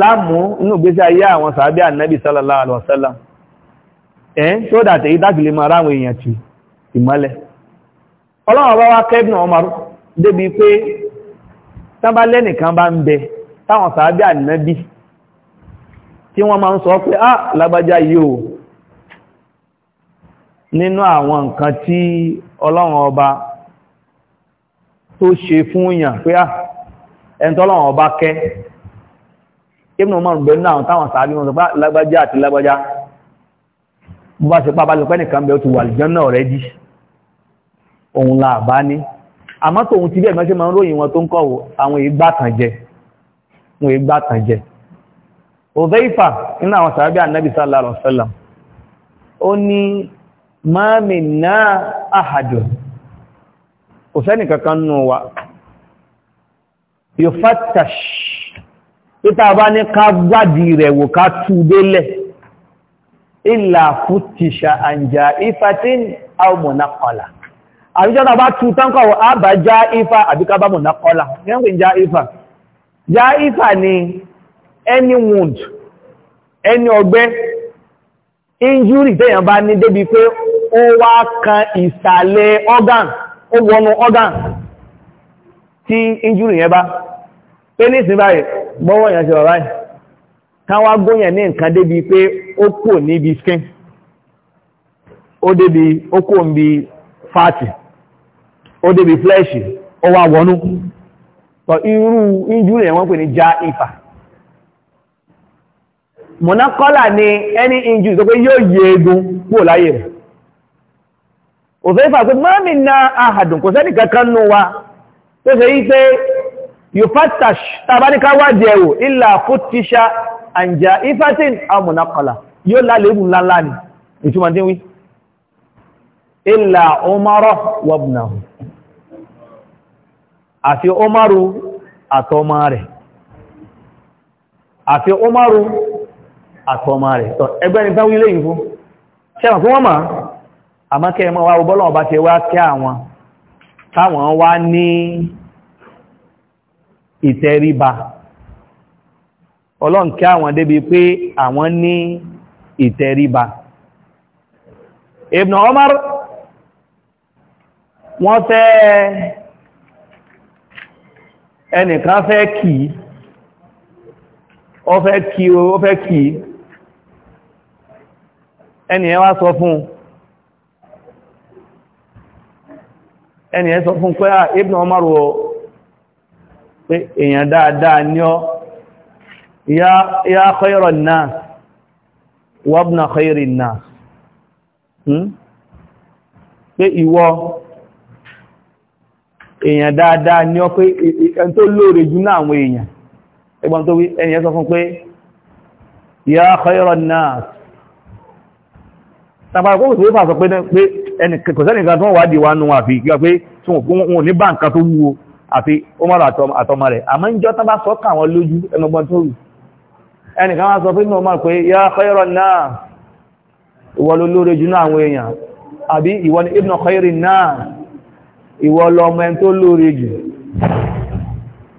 láàmú inú gbèsè ayé àwọn sàábí ànábì sallallahu alaihi wasallam ẹ̀ tó dàtẹ̀ yìí dájú lè máa ráwọn èèyàn ti tí wọ́n máa ń sọ pé ah lágbájá yìí o nínú àwọn nǹkan tí ọlọ́run ọba tó ṣe fún èèyàn pé à ah, ẹntọ́lọ́run ọba kẹ́ ibn Umar bẹ̀rẹ̀ náà táwọn sàábí wọn sọpá ah, lágbájá àti lágbájá bó bá ṣe pápá lọ pẹ́ nìkan bẹ̀rẹ̀ tó wà lìjọ́nà ọ̀rẹ́ jí òun la bá ní àmọ́ tóun ti bẹ́ẹ̀ mẹ́ṣẹ́ ma minna ahadun kò sẹ́ni kankan nù wa yufattash títà bá ní ka gbádì rẹ̀ wò ká tú délẹ̀ illa futisha anja ifatin aw munaqala àbíjọ́ta bá tú tánkọ̀ wọ́n á bá já ifá àbíká bá munaqala yẹ́nkùn já ifá já ifá ni any wound any ọgbẹ́ injury tẹ́yàn bá ní débi pé ó wá kan ìsàlẹ̀ organ ó wọnú organ tí injury yẹn bá pé ní ìsìn báyìí gbọ́wọ́ yẹn ti wà báyìí káwá góyàn ní nǹkan débi pé ó kò níbi skin ó débi ó kò ń bi fàtì ó débi flẹ́ṣì ó wá wọnú irú injury yẹn wọ́n pè ní já ifà mọ̀nákọ́là ni ẹni injury tó pé yóò yẹ egun kúrò láyé rẹ̀ òfẹ́fà pé mọ́mí na ahàdùn kò sẹ́nì kankan nù wa tó ṣe yí pé yufatash tàbáníká wájẹ̀ ò ilà fútíṣà àǹjà ifatin amùnakọ̀lá yóò lálẹ́bù ńláńlá ni ìtumọ̀ tí wí ilà umaru wabnahu àfi umaru àtọmọ rẹ̀ àfi umaru àtọmọ rẹ̀ ẹgbẹ́ni táwọn ilé yìí fún ṣẹ́wọ̀n àmọ́ kẹ́ mọ́ wá ọbọ́lọ̀ ọba ti wá kí àwọn táwọn wá ní ìtẹríba ọlọ́n kí àwọn débi pé àwọn ní ìtẹríba Ibn Omar wọ́n fẹ́ ẹnìkan fẹ́ kì ó fẹ́ kì ó fẹ́ kì ẹni wá sọ fún un ẹni ẹ sọ fún pé ah, Ibn Umar o pé èèyàn dáadáa ní ọ ya khayran nas wa ibna khayrin nas hmm? pé ìwọ èèyàn dáadáa ní ọ pé ẹni tó lóore jù náà àwọn èèyàn ẹgbọ́n tó wí ẹni ẹ sọ fún pé ya khayran nas tàbàrà kó ẹnìkẹ̀kọ̀sẹ́nìkan tó wà dì wá nù àfi kí wọ́n pé tí wọ́n ní bá nǹkan tó wúwo àfi ó mọ́rọ̀ àtọmọ rẹ̀ àmọ́ ìjọ tán bá sọ kà lójú ẹmọgbọ́n tó rù ẹnìkan wá sọ pé náà máa pé ya khayra náà ìwọ ló lóore jù náà àwọn èèyàn àbí ìwọ ni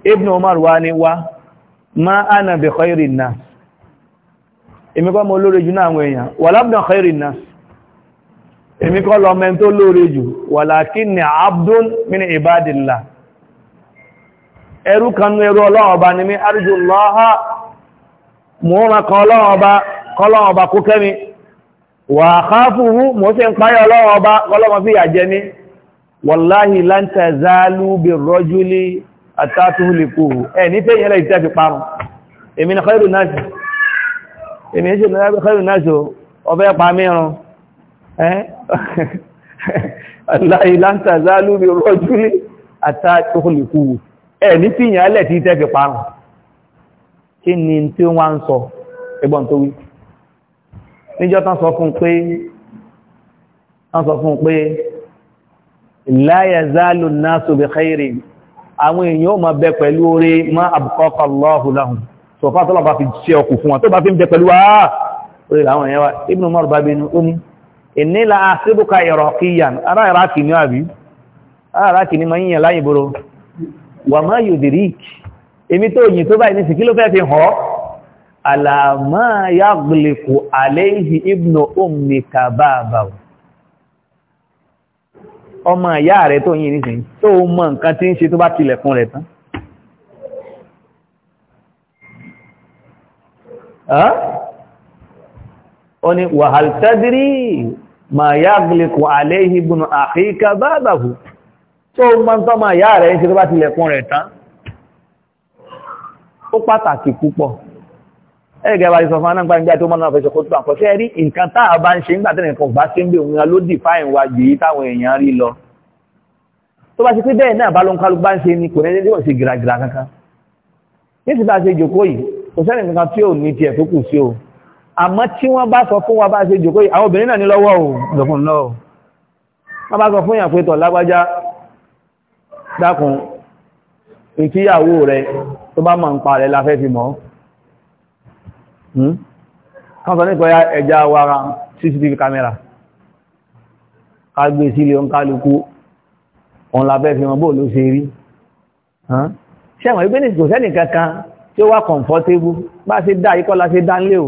ibn ma ana bi khayri náà èmi kọ́ mo lóore èmi kọ́ lọ mẹ́n tó lóore jù walakinni abdun min ibadillah ẹrú kanú ẹrú ọlọ́run ọba ni mi arjú lọ́ha mọ́ran kan ọlọ́run ọba kó kẹ́mi wà khafuhu mọ́ sí ń parí ọlọ́run ọba ọlọ́run fi yàjẹ́ ní ní pé ìyẹ́lẹ̀ Allahi eh? lan tazalu bi rajuli àtà ìhùlìkú ẹ̀ ní tí ìyàn alẹ́ tí tẹ́ fi parun kí ni tí wọ́n ń sọ ẹgbọ́n tó wí níjọ́ tán sọ fún pé tán sọ fún pé la yazalu an-nasu bi khairin àwọn èèyàn ó máa bẹ pẹ̀lú oore ma bẹ pẹ̀lú ah! orí làwọn èèyàn wa inni la asibuka iraqiyan ara iraqi ni abi ara iraqi ni man yan layin boro wa ma yudrik èmi tó yin tó báyìí ni sikilo fẹ́ fi ho ala ma yaghliqu alayhi ibnu ummika baba ọmọ ìyá rẹ̀ tó yin nisin tó mọ nǹkan tí ń ṣe tó bá tilẹ̀kùn rẹ̀ tán ah oni wa hal tadri ma yagliqu alayhi ibn akhika babahu tó man tó ma ya rẹ̀ ṣe bá ti lẹ̀ kun rẹ̀ tán ó pàtàkì púpọ̀ ẹ ge ba sọ fan na gba nja tó man na fẹ́ ṣe ko tán ko ṣe rí nǹkan tá bá ńṣe ngba tẹ́ni kan bá ṣe nbe ohun ló define wa bá ṣe pé bẹ́ẹ̀ àmọ́ tí wọ́n bá sọ fún wa bá ṣe jòkó àwọn obìnrin náà ní lọ́wọ́ ò lọ́kùn náà wọ́n bá sọ fún ìyàn pé lágbájá dákun ìkíyàwó rẹ̀ tó bá mọ̀ ń pa rẹ̀ la fi mọ̀ hmm? wara CCTV camera ká gbé e sílé oǹkálukú òun la fẹ́ fi mọ̀ bóò ló ṣe rí hmm? ṣẹ́wọ̀n ìgbénìsì kò sẹ́nì kankan tí ó wà comfortable bá ṣe dá ikọ́ la ṣe dá nílé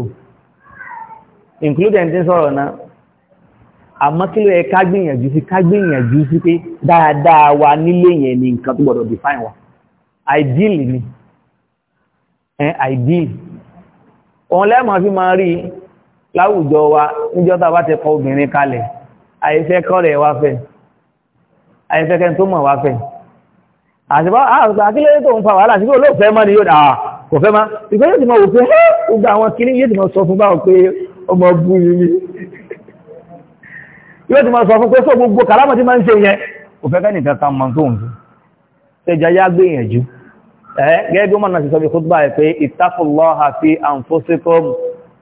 include ẹni tí ń sọ̀rọ̀ náà àmọ́ kí ló yẹ ká gbìyànjú sí ká wa nílé yẹn ni nǹkan tó gbọ́dọ̀ define wa ideal ni ideal òun lẹ́mọ̀ fi máa rí láwùjọ wa níjọ́ tá a bá ti kọ obìnrin kalẹ̀ àìfẹ́ kọ́ wá fẹ́ àìfẹ́ kẹ́ni tó mọ̀ wá fẹ́ tó ń fa wàhálà olóòfẹ́ mọ́ ni yóò dà kò fẹ́ wò pé ó gba àwọn ọmọ bú yìí yóò ti máa sọ fún pé sọ gbogbo kàlámà tí máa ń ṣe yẹn kò fẹ́ kẹ́ni kankan tó ń fi ṣẹjà yá gbìyànjú ẹ gẹ́gẹ́ bí wọ́n náà sọ bí ẹ̀ pé fi anfusikum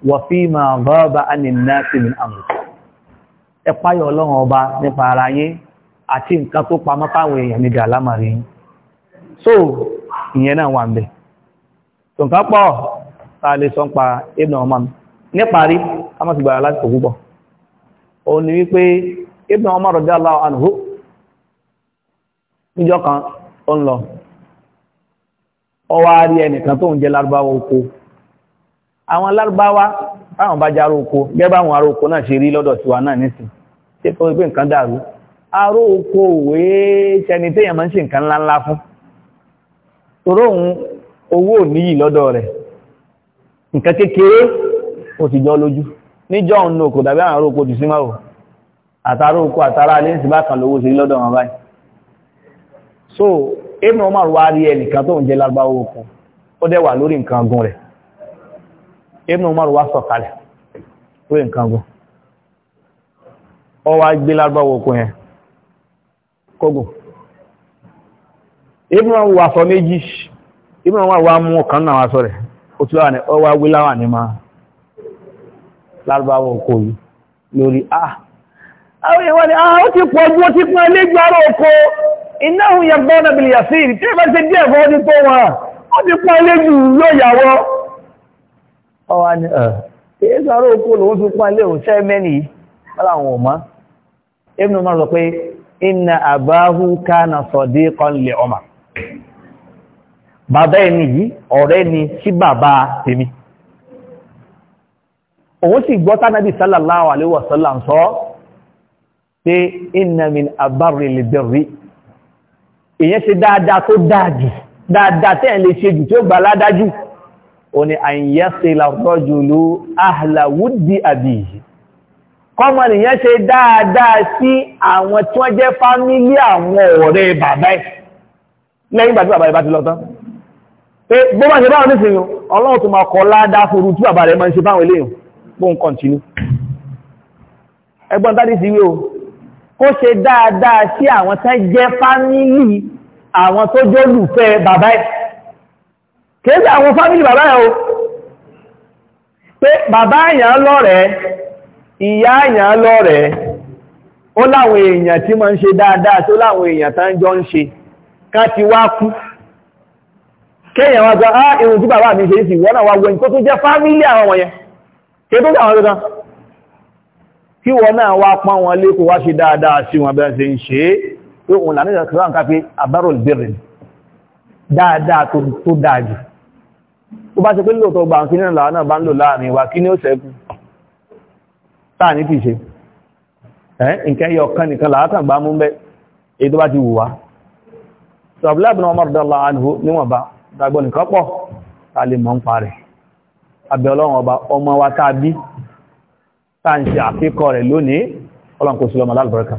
wa fi ma ghaba anin nasi ọba nípa ara yín àti nǹkan tó pamọ́ fáwọn èèyàn so ìyẹn náà wà ń bẹ̀ tòǹkà pọ̀ ta lè pa níparí a máa ti gbàrà láti púpọ̀ o ni wípé Ibn Umar radiyallahu kan ó ń lọ ọ rí ẹnìkan tó ń jẹ lárúbáwá oko àwọn lárúbáwá báwọn bá járó oko arụ oko náà ṣe rí lọ́dọ̀ náà nísìn pé nǹkan dàrú oko òwe máa ń ṣe nǹkan ńláńlá fún torí owó lọ́dọ̀ rẹ̀ nǹkan kékeré ó ti jọ lójú níjọ́ òun ní okò tàbí àwọn oko jù sí máa àtàrà oko àtàrà alẹ́ kan so Ibn Umar wá rí ẹnìkan tó ń jẹ lágbáwó oko ó dẹ̀ wà lórí nǹkan gun rẹ̀ Ibn wá lórí nǹkan gun gbé yẹn kógùn Ibn wà sọ méjì Ibn mú náà wá sọ lárúbáwọ̀ oko yìí lórí ah àwọn èèyàn ni ah ó ti pọ̀ ju ó ti pọ̀ léjú ara oko iná òun yẹn gbọ́n náà bìlì yàsíìrì tí ìbá ṣe díẹ̀ fún ọdún tó wọn ó ti pọ̀ léjú lóyàwó ọwá ni ẹ̀ èyí sọ ah, ara oko lòun fi pọ̀ lé òun sẹ́mẹ́nì yìí láwọn ò òun sì gbọ́ tánàbí sallallahu alaihi wasallam sọ pé inna min abarri lè bẹ̀rẹ̀ èyàn ṣe dáadáa tó dáadì dáadáa tẹ́ lè ṣe jù tí ó gbà ládájú o ni àyẹ́sẹ̀lá rọ́jùlú ahlawudi abiyi kọ́mọ nìyàn ṣe dáadáa sí àwọn tí wọ́n jẹ́ fámílì àwọn ọ̀rẹ́ bàbá ẹ̀ lẹ́yìn bàbá bàbá ìbá ti lọ tán pé bó ṣe báwọn nísìnyí ọlọ́run tó máa kọ́ ládá fúru tí bàbá rẹ̀ máa ń ṣe báwọn eléyìí pún continue. ẹgbọ́n tàbí sí wé o kó ṣe dáadáa sí àwọn tán jẹ́ fámílì àwọn tó jẹ́ olùfẹ́ bàbá ẹ̀ kéèsì àwọn fámílì bàbá ẹ̀ o pe bàbá èèyàn lọ́rẹ̀ẹ́ ìyá èèyàn lọ́rẹ̀ẹ́ ó láwọn èèyàn tí ma ń ṣe dáadáa tó láwọn èèyàn tán jọ ń ṣe ká ti wá kú kéèyàn wá gba á ah, tí bàbá mi ṣe sí wọ́n náà wá wọ́n tó tún jẹ́ fámílì àwọn wọ̀nyẹn kéde àwọn ọ̀rẹ́ta kí wọ́n náà wá pán wọn lé kó wá ṣe dáadáa sí wọn bẹ́ẹ̀ ṣe ń ṣe é pé òun lànà ìjọ kìrán káfí àbárò ìbẹ̀rẹ̀ dáadáa tó dáàjù tó bá ṣe pé lóòtọ́ gbà kí nínú làwọn náà bá ń lò láàrin wa kí ní ó ṣẹ́kù táà ní kìí ṣe nǹkan yọ abẹ́ ọlọ́run ọba ọmọ wa tá a bí tá ń ṣe àfikọ́ rẹ̀ lónìí ọlọ́run kò sí lọ́mọ lálùbọ́rẹ́kà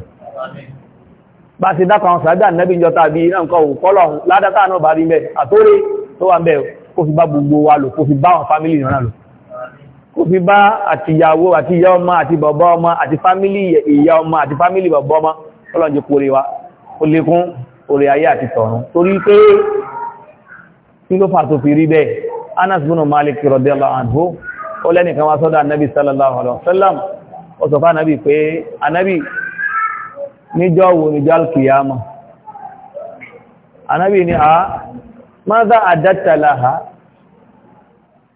bá ti dákọ̀ àwọn sàájá nẹ́bí ìjọ tàbí iná nǹkan òkọ́lọ̀hun ládátà náà bá rí mẹ́ àtórí tó wà mẹ́ kó fi bá gbogbo wa lò kó fi bá àwọn fámílì ìran lò kó fi bá àtìyàwó àti ìyá ọmọ àti bàbá ọmọ àti fámílì Anas bin Malik radiyallahu anhu ó lẹ́nì kan wá sọ́dọ̀ anábì sallallahu alaihi wasallam ó sọ fún anábì pé anábì níjọ́ wo níjọ́ alkiyama anábì ni a mọ́dá àdátàláha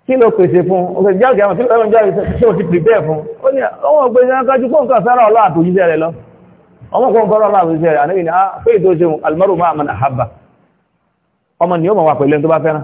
kí ló pèsè fún òṣèjọ́ alkiyama kí ló jẹ́ ṣe òsì prepare fún ó ní ọmọ ògbé ní akájú kó nǹkan sára ọlọ́ àtòjíṣẹ́ rẹ lọ ọmọ kó nǹkan ọlọ́ àtòjíṣẹ́ rẹ anábì ni a pé ìdóṣe almaru ma man ahabba ọmọ ni ó mọ̀ wà pẹ̀lú ẹni tó bá fẹ́ràn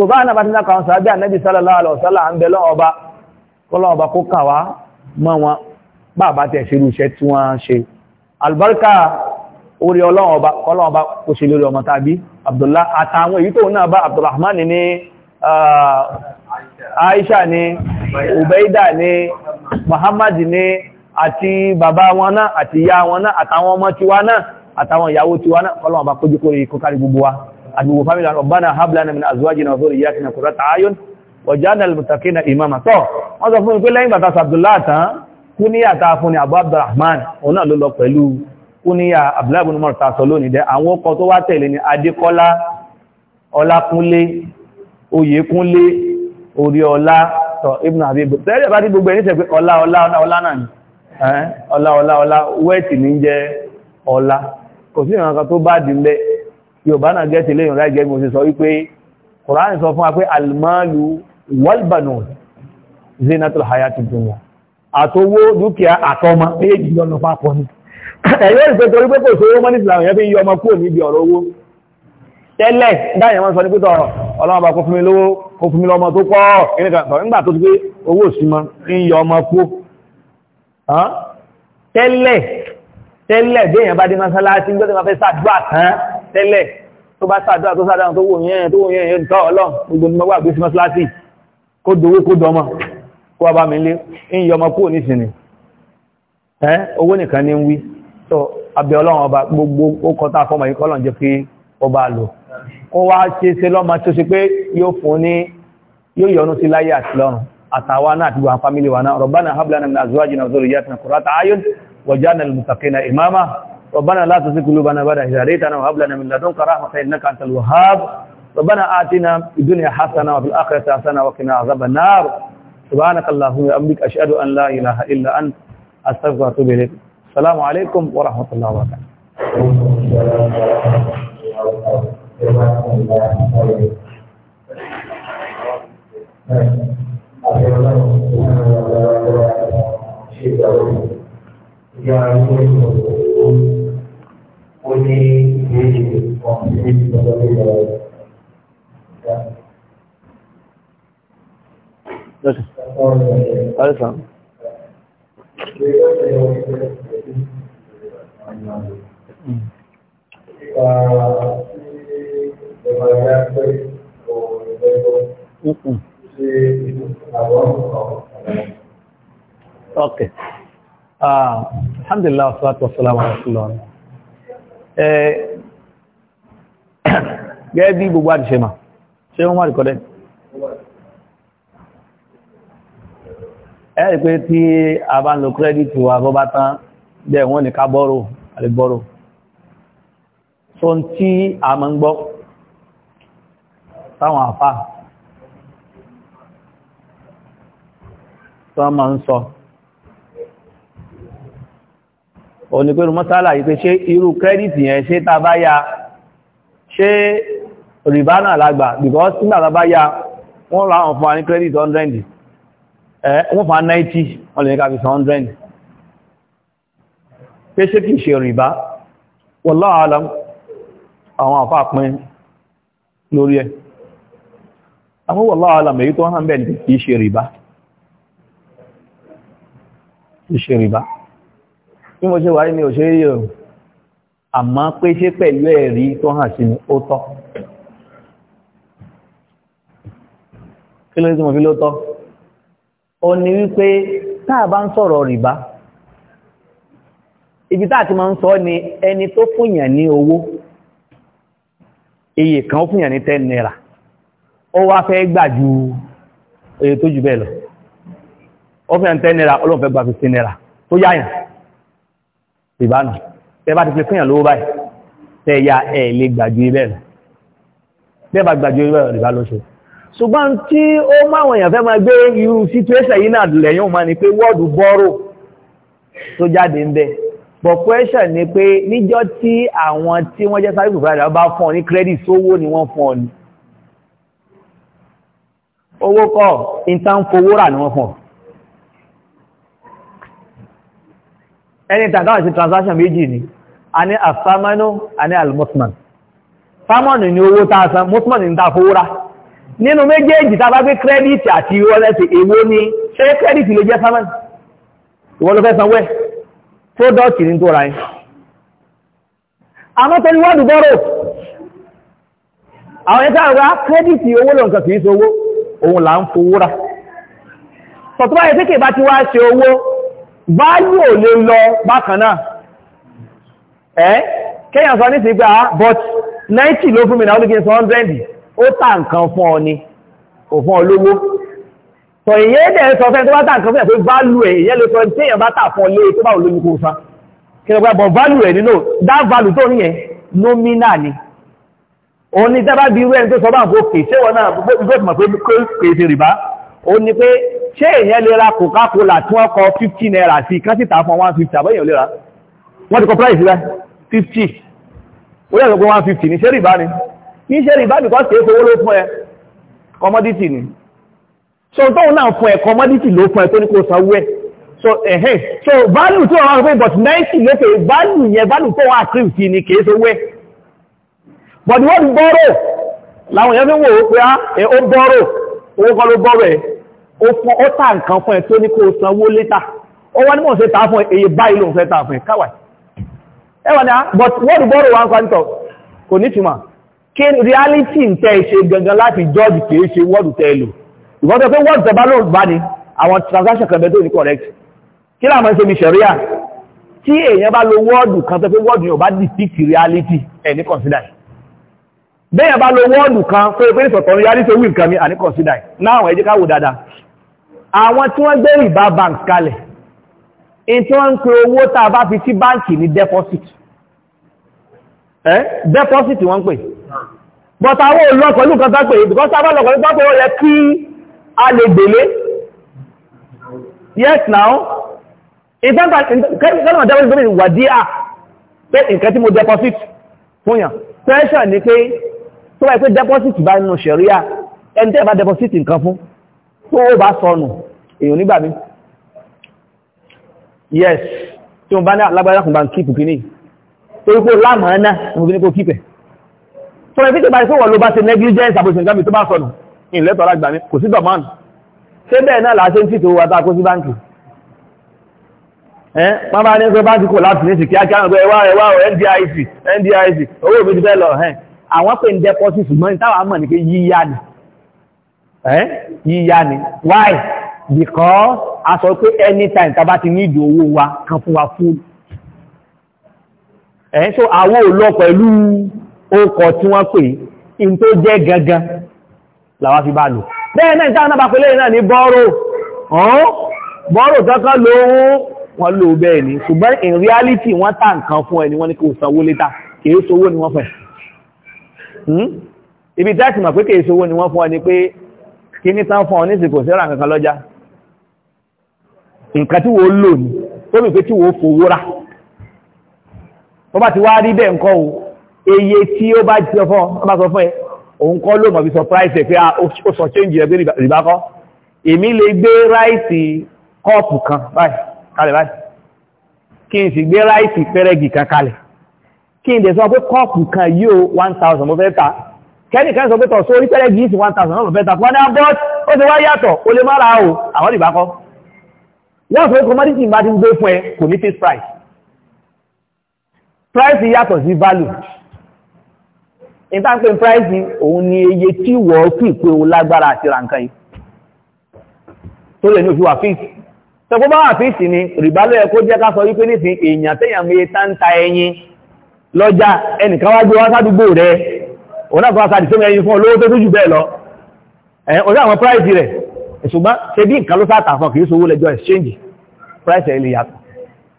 so bá náà bá ti náà sàábí ànẹ́bì sallallahu alaihi wasallam ń bẹ lọ́ọba kọ́lọ́ọba kó kàwá mọ́ wọn bàbá albarka orí ọlọ́ọba kọ́lọ́ọba kó ṣe lórí Abdullah àtàwọn èyí tó náà bá Abdulrahman uh, Aisha ní Ubaida ní Muhammad ní àti bàbá wọn náà àti ìyá wọn náà àtàwọn ọmọ tiwa náà àtàwọn ìyàwó tiwa náà kọ́lọ́ọba kójú kórè kó kárí gbogbo wa àgbègbè family rabbana hablana min azwajina wa dhurriyyatina qurrata ayun waj'alna lil muttaqina imama tó wọ́n sọ fún mi pé lẹ́yìn bàtà abdullah tán kúníyà ta fún ni abu abdulrahman òun náà ló lọ pẹ̀lú kúníyà abdullahi ibn umar ta sọ lónìí dẹ àwọn ọkọ̀ tó wá tẹ̀lé ni adékọ́lá ọlákúnlé oyèkúnlé oríọlá tọ̀ ibn habib tẹ́lẹ̀ bá dí gbogbo ẹni tẹ̀pẹ́ ọlá ọlá ọlá náà ni ọlá ọlá ọlá wẹ́ẹ̀tì ní jẹ́ ọlá kò sí ìrànkan tó bá dì mẹ́ yorùbá náà gẹ́ẹ̀tì lẹ́yìn ráì gẹ́gẹ́ mo ṣe sọ wípé kùránì sọ fún wa pé almalu walbanun zinatul hayati dunya àtowó dúkìá àtọmọ méjì lọ́nà papọ̀ ni ẹ̀yọ́ ìfẹ́ torí pé kò sówó mọ́ní ìsìlámù yẹn fi ń yọ ọmọ kúrò níbi ọ̀rọ̀ owó tẹ́lẹ̀ dáyẹ̀ wọ́n sọ ní pítọ̀ ọlọ́mọba kó fún mi lówó kó fún mi lọ́mọ tó pọ̀ nígbà tó ti pé owó òsìmọ́ ń yọ ọmọ kúrò tẹ́lẹ̀ tẹ́lẹ̀ déèyàn bá dé mọ́sálásí gbọ́dọ̀ máa fẹ́ sàdúrà tán tẹ́lẹ̀ tó bá sàdúrà tó sàdúrà tó wò yẹn tó wò yẹn yẹn tọ́ ọlọ́run gbogbo ní mọ́wàá gbé sí mọ́sálásì kó dowó kó dọmọ kó wá bá mi lé ń yọ ọmọ kúrò nísìnyí ẹ owó nìkan ní ń wí tó abẹ ọlọ́run ọba gbogbo ó kọ́ tá a fọmọ yìí kọ́ lọ́n jẹ́ pé ọba lò kó wá ṣe ṣe lọ́mọ tó ṣe pé yóò fún ayun waj'alna lil muttaqina ربنا لا تزغ قلوبنا بعد إذ هديتنا وهب لنا من لدنك رحمة إنك أنت الوهاب ربنا آتنا في الدنيا حسنة وفي الآخرة حسنة وقنا عذاب النار سبحانك اللهم وبحمدك أشهد أن لا إله إلا أنت أستغفرك وأتوب إليك السلام عليكم ورحمة الله وبركاته ó ní ìbéèrè kan sí ìjọba lórí ọ̀rọ̀ rẹ̀. Alisa. Okay. Ah, alhamdulillah salatu wassalamu ala rasulillah eh gẹ́gẹ́ bí gbogbo àti ṣema ṣe wọ́n wárí kọ́dẹ̀ ẹ̀rì pé tí a bá ń lo kírẹ́dìtì wa bọ́ bá tán bẹ́ẹ̀ wọ́n ní ká bọ́rò àlebọ́rò so ń tí a mọ́ ń gbọ́ táwọn àfáà tó máa ń sọ òní pé mọ́sálà yìí pé ṣe irú kírẹ́dìtì yẹn ṣe tá bá ya ṣe rìbá náà lágbà because nígbà tá bá ya wọ́n ra àwọn fún wa ní kírẹ́dìtì 100 ẹ̀ wọ́n fa 90 wọ́n lè ní káfí 100 pé ṣe kìí ṣe rìbá wallahu alam àwọn àfáà pín lórí ẹ̀ àwọn wallahu alam èyí tó hàn bẹ́ẹ̀ kìí ṣe rìbá kìí ṣe rìbá bí mo ṣe wáyé mi ò ṣe rí o pé ṣé pẹ̀lú ẹ̀rí tó hàn sí ni ó tọ́ kí ló tí mo fi ló tọ́ ó ní wípé táà bá ń sọ̀rọ̀ rìbá ibi táà ti máa ń sọ ni ẹni tó fúnyàn ní owó iye kan fúnyàn ní 10 naira ó wá fẹ́ gbà ju èyí tó jù bẹ́ẹ̀ lọ ó fẹ́ 10 naira olóòfẹ́ gbà 15 naira tó yáyàn ìbánu tẹ bá ti fi fíyàn lówó báyìí tẹ ya ẹ̀ lè gbàjú ibẹ̀ rẹ̀ tẹ bá gbàjú ibẹ̀ rẹ̀ bá lọ ṣe ṣùgbọ́n tí ó máwọn èèyàn fẹ́ máa gbé irú situation yìí náà lẹ́yìn òun máa ni pé wọ́ọ̀dù bọ́rò tó jáde ń bẹ but question ni pé níjọ́ tí àwọn tí wọ́n jẹ́ sáré provider bá fún ọ ní credit sówó ni wọ́n fún ọ ní owó kọ́ ìtàn fowó rà ni wọ́n fún ọ ẹni tàbí àti transaction méjì ni a ní àfàmánú a ní almusman fámọ́nù ni owó tààsán musman ní tàfówúra nínú méjèèjì tàbá pé kírẹ́dìtì àti ìwọ́lẹ́tì èwo ni ṣe kírẹ́dìtì ló jẹ́ fámọ́nù ìwọ́lọ́fẹ́ sanwẹ́ pródọ́tì ní tó ra yín àmọ́ tẹ́lú wọ́dù bọ́rọ̀ àwọn ẹ̀ta àgbà kírẹ́dìtì owó lọ nǹkan kìí sọ owó òun là ń fowó ra sọ̀tọ́ báyẹ̀ tí kì bá ti wá ṣe owó báyìí ò lè lọ bákanáà ẹ́ kẹ́yàn sọ ní ti gbá but 90 ló fún mi náà ó ní kí 100 ó tà nǹkan fún ọ ni kò fún ọ lówó tọ̀ ìyẹ́ dẹ̀ sọ fẹ́ tó bá tà nǹkan fún ẹ̀ pé value ẹ̀ ìyẹ́ lè sọ tí èèyàn bá tà fún ọ lé tó bá olóyún kó fa kí lọ gbàgbọ́ value ẹ̀ nínú that value tó níyẹn nominal ni ó ní dábàá bí irú ẹni tó sọ bá ń fò kè ṣé wọn náà gbọ́dọ̀ ṣé èyàn lè ra coca-cola tí wọ́n kọ 50 naira sí kán sì tà fún 150 àbẹ́yàn lè ra wọ́n ti kọ price rẹ̀ 50 orí ẹ̀sọ́ pé fifty? ní ṣẹ́rì bá ní kí ṣẹ́rì bá nìkan ṣe é fowó ló fún ẹ commodity ni so tóun náà fún ẹ commodity ló fún ẹ tó ní kó sanwó ẹ so ẹ̀hẹ́ so value tí wọ́n wá pé but ninety. lókè value yẹn value tó wọ́n accrue sí ni kìí sówó ẹ but wọ́n borrow láwọn èèyàn fi wò ó pé ah, ó borrow owó kọ́ ló borrow ẹ̀ ó fún ó tà nǹkan fún ẹ tó ní kó sanwó létà ó wá ní mọ̀ sí tà fún èyí báyìí ló ń fẹ́ tà fún ẹ káwàá ẹwà ní ah, but wọ́n bọ́rọ̀ wá ń kwántọ̀ kò ní túnmà kí reality ń tẹ́ ṣe gangan láti george kìí ṣe wọ́dù tẹ́ lò ìwọ́n pé wọ́dù tẹ́ bá ló bá ní àwọn transaction kan bẹ́ẹ̀ tó ní correct kí láàmọ́ ṣe mi ṣẹ̀ríà tí èèyàn bá lo wọ́dù kan tó pé wọ́dù yóò bá depict reality ẹ̀ ní consider bẹ́ẹ̀ bá lo wọ́dù kan tó pé ìsọ̀tọ̀ reality wí nǹkan mi à ní consider náà àwọn ẹjẹ́ ká wò dáadáa àwọn tí wọ́n gbé rìbá bank kalẹ̀ in tí wọ́n ń pè owó tàà bá fi sí báǹkì ní deposit eh deposit wọ́n pè but àwọn olóò pẹ̀lú kan tó pè é because àwọn olóò pẹ̀lú kan tó yẹ kí a lè gbèlé yes now ìtànkà kẹ́lùmọ̀ deposit gómìnà wà díà pé nǹkan tí mo deposit fún yàn pressure ni pé tó wáyé pé deposit bá nínú ṣẹ̀ríà ẹni tẹ́ bá deposit nǹkan fún tó ó bá sọnù èèyàn nígbà mi yes tí wọ́n bá ní alágbára kùnbà ń kíìpù kìíní torí pé lámàá náà mo fi ní kó kíìpẹ̀ tó rẹ̀ pípẹ̀ báyìí tó wọ́n ló bá ṣe negligence àbòsìn nǹkan mi tó bá sọnù ìlẹ́tọ̀ ọ̀rá gbàmí kò sí dọ̀mánù ṣé bẹ́ẹ̀ náà làá ṣe ń tìtò wa tá a kó sí báǹkì ẹ́ máa bá ní ẹgbẹ́ báǹkì kò láti ní sí kíákíá ọgbẹ́ ẹwà ẹwà NDIC NDIC owó mi ti fẹ́ lọ àwọn pè ń dẹ́pọ́sì ṣùgbọ́n táwọn mọ̀ ní pé Eh? yíyá why because a sọ pé anytime tàbá ti ní ìdò owó wa kan fún wa fún ẹ̀ eh? so àwọ́ òlọ pẹ̀lú ọkọ̀ tí wọ́n pè in tó jẹ́ gangan làwá fi bá lò bẹ́ẹ̀ náà ìtàn náà bá pẹ̀lẹ́ náà ní bọ́rọ̀ ọ̀hún bọ́rọ̀ kankan ló wọ́n lò bẹ́ẹ̀ ni ṣùgbọ́n in reality wọ́n tà nǹkan fún ẹni wọ́n ní kò sanwó létà kìí sowó ni wọ́n fẹ́ hmm? ibi tẹ́sì mọ̀ pé kìí ni wọ́n fún ẹni kí ní tán fún ọ nísìkò síra kankan lọ́jà nǹkan tí wo lò ní ó rò pé tí wo fowó rà tó bá ti wá rí bẹ́ẹ̀ nǹkan o eye tí ó bá jẹ fún ọ bá sọ fún ẹ òun kọ́ ló mọ̀ bí surprise ẹ̀ pé ah, ó sọ change ẹ̀ pé rìbá kọ́ èmi lè gbé ráìsì kọ́ọ̀pù kan báyìí kalẹ̀ báyìí kí n sì gbé ráìsì pẹ́rẹ́gì kan kalẹ̀ kí n dẹ̀ sọ pé kọ́ọ̀pù kan yóò 1000 mo fẹ́ ta kẹ́nìkan sọ pé tọ̀ sórí tẹ́lẹ̀ gíìsì 1000 náà fẹ́ tàbí wọ́n ní abọ́t ah, ó ti wá yàtọ̀ o lè mara o àwọn ìbá kọ́ wọ́n fẹ́ commodity bá ti gbé fún ẹ kò ní fixed price price yàtọ̀ sí value in tá ń price òun ni iye tí wọ́ kí pé o lágbára àti ra nǹkan yìí tó lè ní òfin wà fix tọ́kọ́ bá wà fix ni rìbálẹ̀ ẹ̀ kó jẹ́ ká sọ wípé nísìn èèyàn tẹ́yàn meye tá ń ta ẹyin lọ́jà ẹnìkan wá gbé wá sádùúgbò rẹ̀ òun náà tó aṣáàdì tó mẹ́rin fún olówó tó tó jù bẹ́ẹ̀ lọ ọjọ́ àwọn price rẹ̀ ṣùgbọ́n ṣe bí nǹkan ló sáàtà fún kìí sówó lẹ́jọ́ exchange price rẹ̀ lè yàtọ̀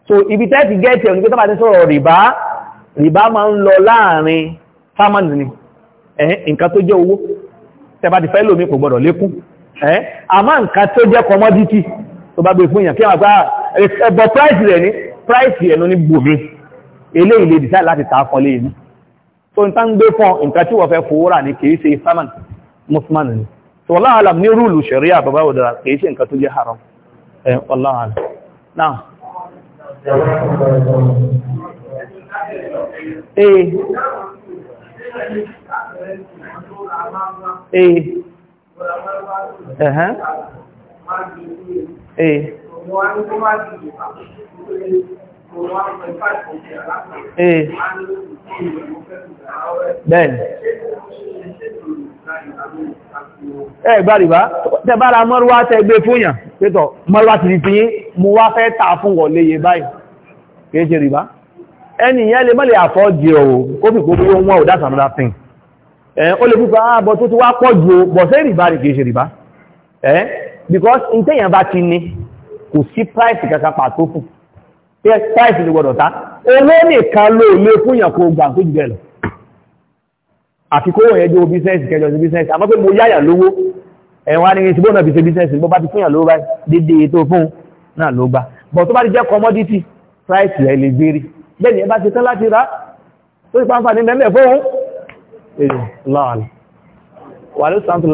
so ibi tẹ́ ti gẹ́ẹ̀tì ọ̀nà pẹ́tàbà ti sọ̀rọ̀ rìbá rìbá máa ń lọ láàrin farmers ni nǹkan tó jẹ́ owó tẹ́bà ti fẹ́ lómi kò gbọ́dọ̀ lékún àmọ́ nǹkan tó jẹ́ commodity tó bá gbé fún èèyàn kí wọ́n gbá ẹ̀bọ̀ price rẹ̀ ní price rẹ̀ ló ní gbòmí eléyìí lè decide láti so nǹkan gbé fún nǹkan tí wọ́n fẹ́ fowó rà ní kìí ṣe saman musman ni so wallahu alam ní rúùlù sharia bàbá òdàrà kìí ṣe nǹkan tó jẹ́ haram ẹ̀ wallahu náà ee ee ẹ̀hẹ́n Ee. Eh. Bẹ́ẹ̀ni. Ẹ gbá rìbá, tẹ bára mọ́rúwá tẹ gbé fún yàn, pétọ̀, mọ́rúwá ti fi yí, mo wá fẹ́ tà fún wọ̀ léye báyìí, kìí ṣe rìbá. Ẹni ìyẹn lè mọ́lẹ̀ àfọ́ jẹ ọ̀wọ̀, ó fi kó kúrò wọ́n ò that's another thing. Ẹ ó lè púpọ̀ ààbọ̀ tó ti wá pọ̀ jù ó, bọ̀ sẹ́ rìbá rì because ìtẹ́yàn bá ti ní, kò sí price yẹ táìsì ló gbọdọ̀ ta owó nìkan ló lé fún yàn kó gbà tó jù bẹ́ẹ̀ lọ àfi kówó yẹn jó bísẹ́ẹ̀sì kẹjọ sí bísẹ́ẹ̀sì àmọ́ pé mo yáyà lówó ẹ̀wọ̀n anírin síbò náà fi ṣe bísẹ́ẹ̀sì bó bá ti fún lówó báyìí dédé tó fún náà ló gbà bọ̀ tó bá ti jẹ́ commodity price rẹ̀ lè gbérí bẹ́ẹ̀ ni ẹ bá ti tán láti rà tó ti pàǹfà ní mẹ́lẹ̀ fóun èyí láàrín wà ló sáńtù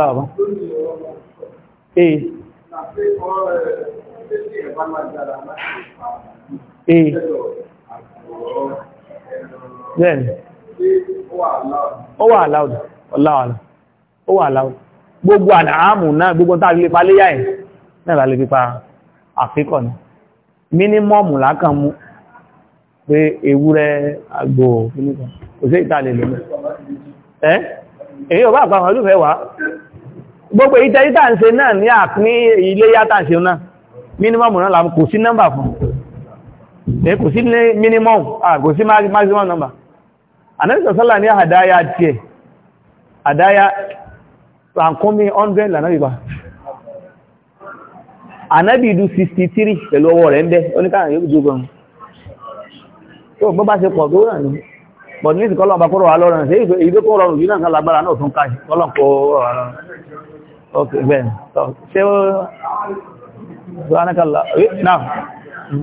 ee bẹ́ẹ̀ni ó wà aláwọ̀dù ọláwàlá ó wà aláwọ̀dù gbogbo àdáàmù náà gbogbo tàà lè pa léyà ẹ̀ náà lè pípa àfikọ̀ ní mínímọ̀mù lákàn mú pé ewúrẹ́ àgbò fúnìkan kò sí ìtàlẹ̀ lè mẹ́ ẹ́ èyí ò bá àpapọ̀ olúfẹ́ wá gbogbo ìtẹ́rí tàà ń ṣe náà ní àpín ilé yá tàà ṣe náà mínímọ̀mù náà làmù kò sí nọ́mbà fún ẹ eh, kò sí ní minimum ah kò sí maximum number anẹ́sọ̀ sọ́là ní àdáyà tiẹ̀ àdáyà àkúnmí 100 lànàbì bá ànábì ìdú 63 pẹ̀lú ọwọ́ rẹ̀ ń bẹ́ oníkàrà yóò jù gan tó bọ́ bá ṣe pọ̀ tó rà ní pọ̀ ní ìsìnkọ́ lọ́nà kọ́rọ̀ alọ́rọ̀ ṣe ìgbé kó rọrùn yìí náà lágbára náà tún káì ọlọ́n kó rọrọ̀ ọkẹ̀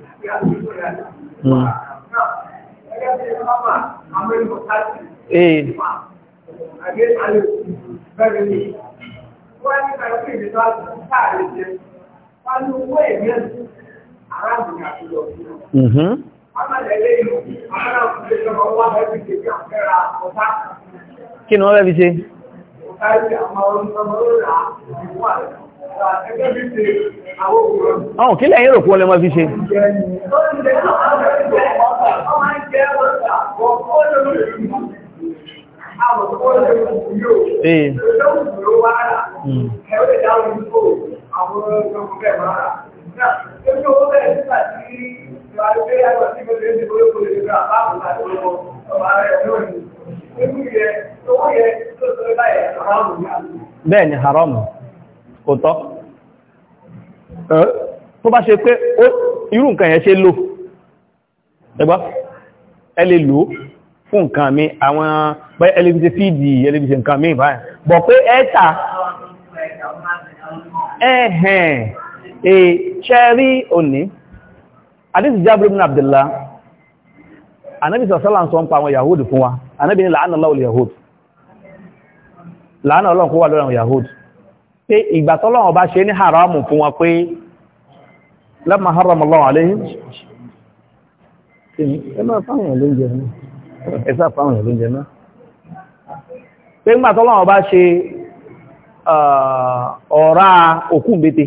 Eh. Mm-hmm. Kí ni wọ́n rẹ̀ fi ṣe? Àwọn òkílẹ̀ yìí ròkú ọlẹ́mọ́ fi ṣe. Hmm. Bẹ́ẹ̀ni, haramu, kò tọ́ tó bá ṣe pé irú nǹkan yẹn ṣe lò ẹgbá ẹ lè lò fún nǹkan mi àwọn ẹlẹ́bíṣẹ́ fídì ẹlẹ́bíṣẹ́ nǹkan mi báyìí bọ̀ pé ẹ́ta ẹ̀hẹ̀n ṣẹ́rí òní àdísì Jábir ibn Abdullah anábi sọ̀sọ́lá ń sọ ń pa àwọn yahudu fún wa anábi ni la'ana Allahu al-yahudu la'ana Allahu kó wà lọ́rọ̀ àwọn yahudu pé ìgbàtọ́lọ́wọ̀n bá ṣe ní haramu fún wa pé لما حرم الله عليهم ẹmọ́ fáwọn ìlú jẹ náà ẹ̀sá fáwọn ìlú jẹ náà pé ńgbà tọ́lọ́wọ́ bá ṣe ọ̀rá òkú bété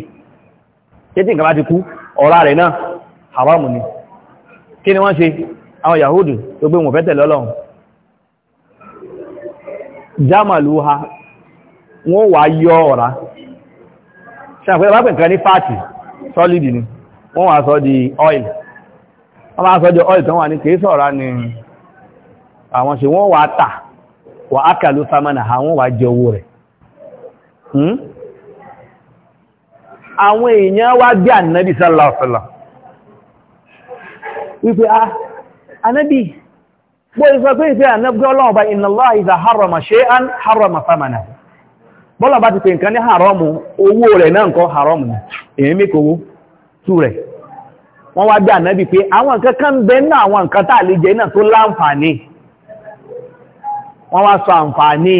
kétí nǹkan bá ti kú ọ̀rá rẹ̀ náà haramu ni kí ni wọ́n ṣe àwọn yahudu tó gbé wọn fẹ́ wọ́n wá sọ di oil wọ́n wá sọ di oil tán wà ní ni àwọn ṣe wọ́n wá tà wà ákàlù samana àwọn wà jẹ owó rẹ̀ hmm? àwọn èèyàn wá gbé ànábì W'ipe wípé a ah, ànábì bó ìsọ pé ìfẹ́ ànábì ọlọ́ọ̀bá ìnàlá harama samana bọ́lọ̀ ti ní haramu tú rẹ̀ wọ́n wá bí ànábì pé àwọn nǹkan kan ń bẹ náà àwọn nǹkan tàà lè jẹ náà tó láǹfààní wọ́n wá sọ àǹfààní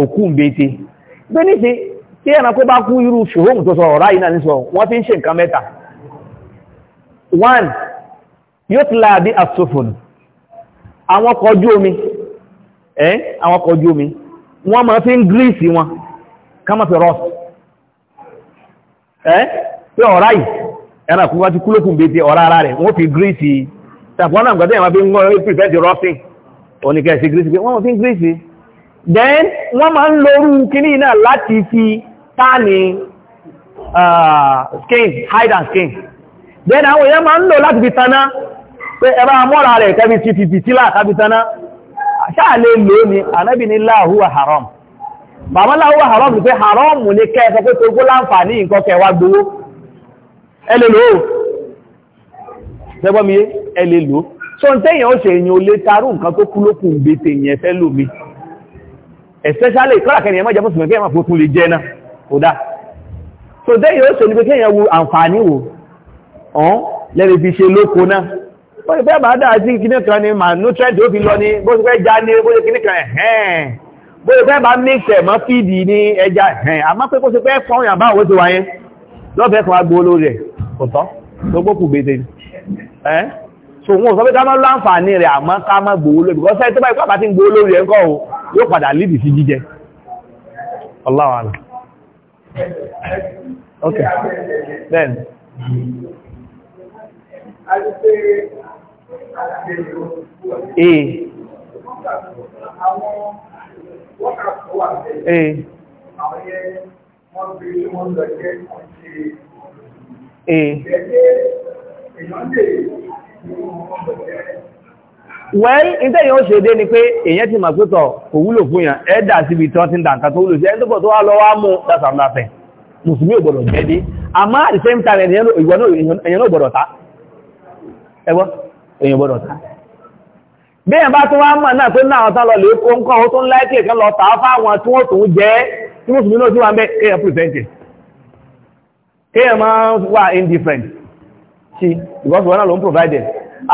òkú mbete bí ní sí tí ẹranko bá kú irú ṣòhóhùn tó sọ ọ̀rá yìí náà ní sọ wọ́n fi ń ṣe nǹkan mẹ́ta one yóò ti láà bí asòfòn àwọn ọkọ̀ omi ẹ́ àwọn omi wọ́n máa fi ń gírísì wọn fi rọ́ọ̀sì ẹ́ pé ọ̀rá yìí ẹran àkókò wá ti kú lókùn bèèrè ọ̀rá ara rẹ̀ wọ́n fi gírísì tàbọn náà gbọ́dọ̀ ìwọ̀n bí wọ́n rí prevent rọ́fìn oníkẹ́sì gírísì pé wọ́n fi gírísì then wọ́n máa ń lórú kíní náà láti fi táàní uh, skin hide and skin then àwọn èèyàn máa ń lò láti fi taná pé ẹ̀rọ amọ́ra rẹ̀ kẹ́bi ti fi fìtílà kábi taná ṣáà lè lò ó ní anábì ní láhùwà haram bàbá láhùwà haram ni pé haram ní kẹ́ ẹ sọ pé tó gbó láǹfààní nǹkan kẹwàá gbowó ẹlẹ́lò ṣẹgbọ́mìyé ẹlẹ́lò so n tẹ́yàn ọ̀ṣẹ̀ èyàn olè tarú nǹkan tó kú lókùn gbètè yẹn fẹ́ lómi especially kọ́làkẹ́ni ẹmọ́ jẹ́mọ́sùn mẹ́kẹ́ ẹmọ́ fún lè jẹ́ náà kódà so tẹ́yàn ọ̀ṣẹ̀ ní pé kẹ́yàn wo àǹfààní wo ọ̀n lẹ́rẹ̀ fi ṣe lóko náà ó ti fẹ́ bá dáa sí kíní kan ni màá nutrient ó fi lọ ní bó ti fẹ́ já ní bó ti kíní kan ẹ̀hẹ́n bó ti fẹ́ bá mix ẹ̀ mọ́ fíìdì ní ẹja ẹ̀hẹ́n àmọ́ pé kó ti fẹ́ fọ́n yàbá òwe ti wáyé lọ́fẹ̀ẹ́ kan agbóoló rẹ̀ ọ̀tọ́ tó gbókù bèèrè ẹ́ so wọn sọ pé ká má láǹfààní rẹ̀ àmọ́ ká má gbowó lórí because ẹ́ tó bá ìpàpà tí ń gbowó lórí ẹ̀kọ́ o yóò padà lídì sí jíjẹ Allahu a'lam ok then ee ee Ee. Eh. Well, ìtẹ́ èyàn ṣe dé ni pé èyàn ti mọ̀ pẹ́tọ̀ kò wúlò fún yàn, ẹ́dà da tí wọ́n ti ń dà nǹkan tó wúlò sí ẹni tó pọ̀ at the same time èyàn ò gbọ́dọ̀ ta. Ẹgbọ́, èyàn ò gbọ́dọ̀ ta. Béèyàn bá tún wá mọ̀ náà pé kéèyàn máa ń wà indifferent sí because wọn náà ló ń provided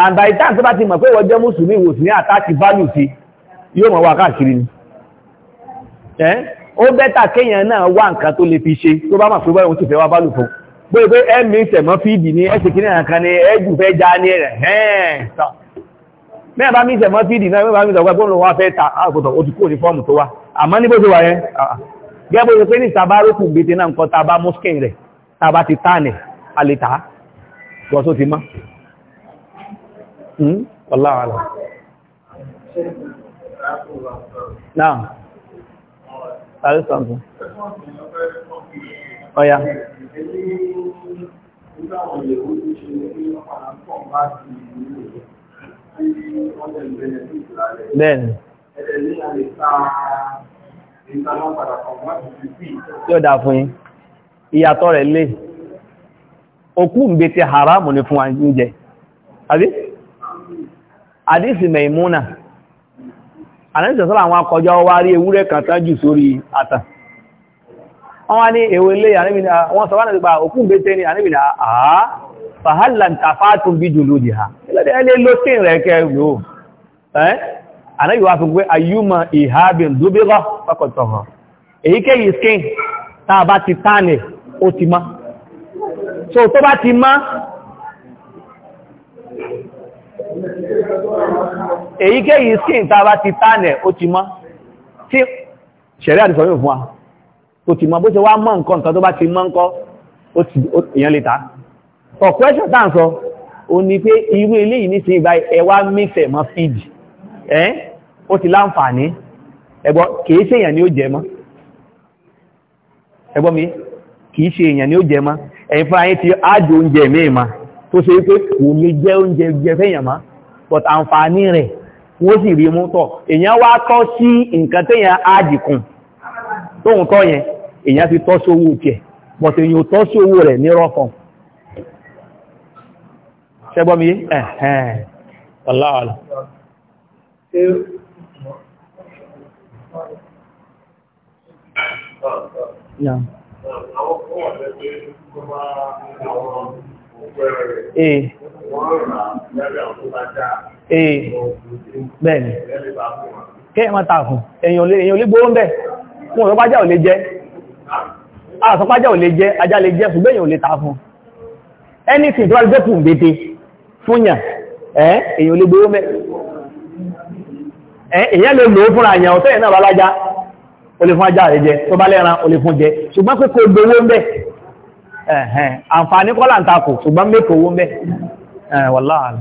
and by time tó bá ti mọ̀ pé wọ́n jẹ́ mùsùlùmí ìwòsì ní attack value sí yóò mọ̀ wà káàkiri ni ẹ́ ó bẹ́tà kéèyàn náà wà nǹkan tó lè fi ṣe tó bá mọ̀ pé wọ́n ti fẹ́ wá value fún pé pé ẹ̀mí ìṣẹ̀mọ́ fíìdì ní ẹ̀ṣẹ̀ kí náà kan ní ẹ̀jù fẹ́ já ní rẹ̀ hẹ́ẹ̀n sọ mẹ́ẹ̀ bá mi ìṣẹ̀mọ́ fíìdì náà mẹ́ẹ̀ bá ta àkótọ̀ ó ti kúrò ní fọ́ọ̀mù tó wá àmọ́ níbo ti wà yẹn gẹ́gbẹ́ pé ní ìṣàbárókù gbète tàbá ti tánẹ̀ alìta wọ́n tó ti má ọláwàlá náà tàbí sọ́nkú ọya bẹ́ẹ̀ni yóò dáa fún yín ìyàtọ̀ rẹ̀ lé òkú ti haramu ní fún àjíjẹ àbí àdísì mẹ̀ìmúnà àníṣẹ̀sọ́lá àwọn akọjọ́ wá rí ewúrẹ́ kan tán jù sórí àtà wọ́n wá ní èwò ilé wọ́n sọ wá nípa òkú ǹgbé tẹ́ ni àníbìnà àá ó ti má so tó bá ti má èyíkéyìí sí ìta bá ti tánẹ̀ ó ti má tí ṣẹ̀rí àdìsọ̀ yóò fún wa tó ti má bó ṣe wá mọ́ nǹkan nǹkan tó bá ti mọ́ nǹkan èèyàn lè ta for question tá sọ o ní pé irú ilé yìí nísìn ìgbà ẹwà mẹ́fẹ̀ mọ́ feed ẹ́ ó ti láǹfààní ẹgbọ́ kìí ṣèyàn ni ó jẹ mọ́ ẹgbọ́ mi kìí ṣe èèyàn ni ó jẹ ma ẹ̀yìn fún ayé ti ájò oúnjẹ mẹ́ẹ̀má tó ṣe pé kò lè jẹ́ oúnjẹ jẹ fẹ́yàn má but àǹfààní rẹ̀ wọ́n sì rí mú tọ̀ èèyàn wá tọ́ sí nǹkan téèyàn ájì kùn tóhun tọ́ yẹn èèyàn ti tọ́ sí owó tiẹ̀ but èèyàn tọ́ sí owó rẹ̀ ní rọ́fọ̀n Yeah àwọn fún ọ̀lẹ́ pé tó bá àwọn òkú ẹ̀rẹ̀ eh. wọ́n rà lẹ́rẹ̀ àwọn tó bá já eh. bẹ́ẹ̀ni kẹ́ ma ta fún èyàn olé gbóhùn bẹ́ fún ọ̀rọ̀ bájá ò lè jẹ́ àṣọpájá ah. ah, ò lè jẹ́ ajá lè jẹ́ ṣùgbẹ́ èyàn olè ta fún anything tó wá gbé fún gbété fúnyà olé gbóhùn bẹ́ o lè fún ajá rẹ̀ jẹ tó bá lẹ́ran o lè fún jẹ ṣùgbọ́n pé kò gbowó ń bẹ̀ ẹ̀hẹ̀n àǹfààní kọ́là ń takò ṣùgbọ́n mẹ́kọ̀ọ́ ń bẹ̀ wàláhàn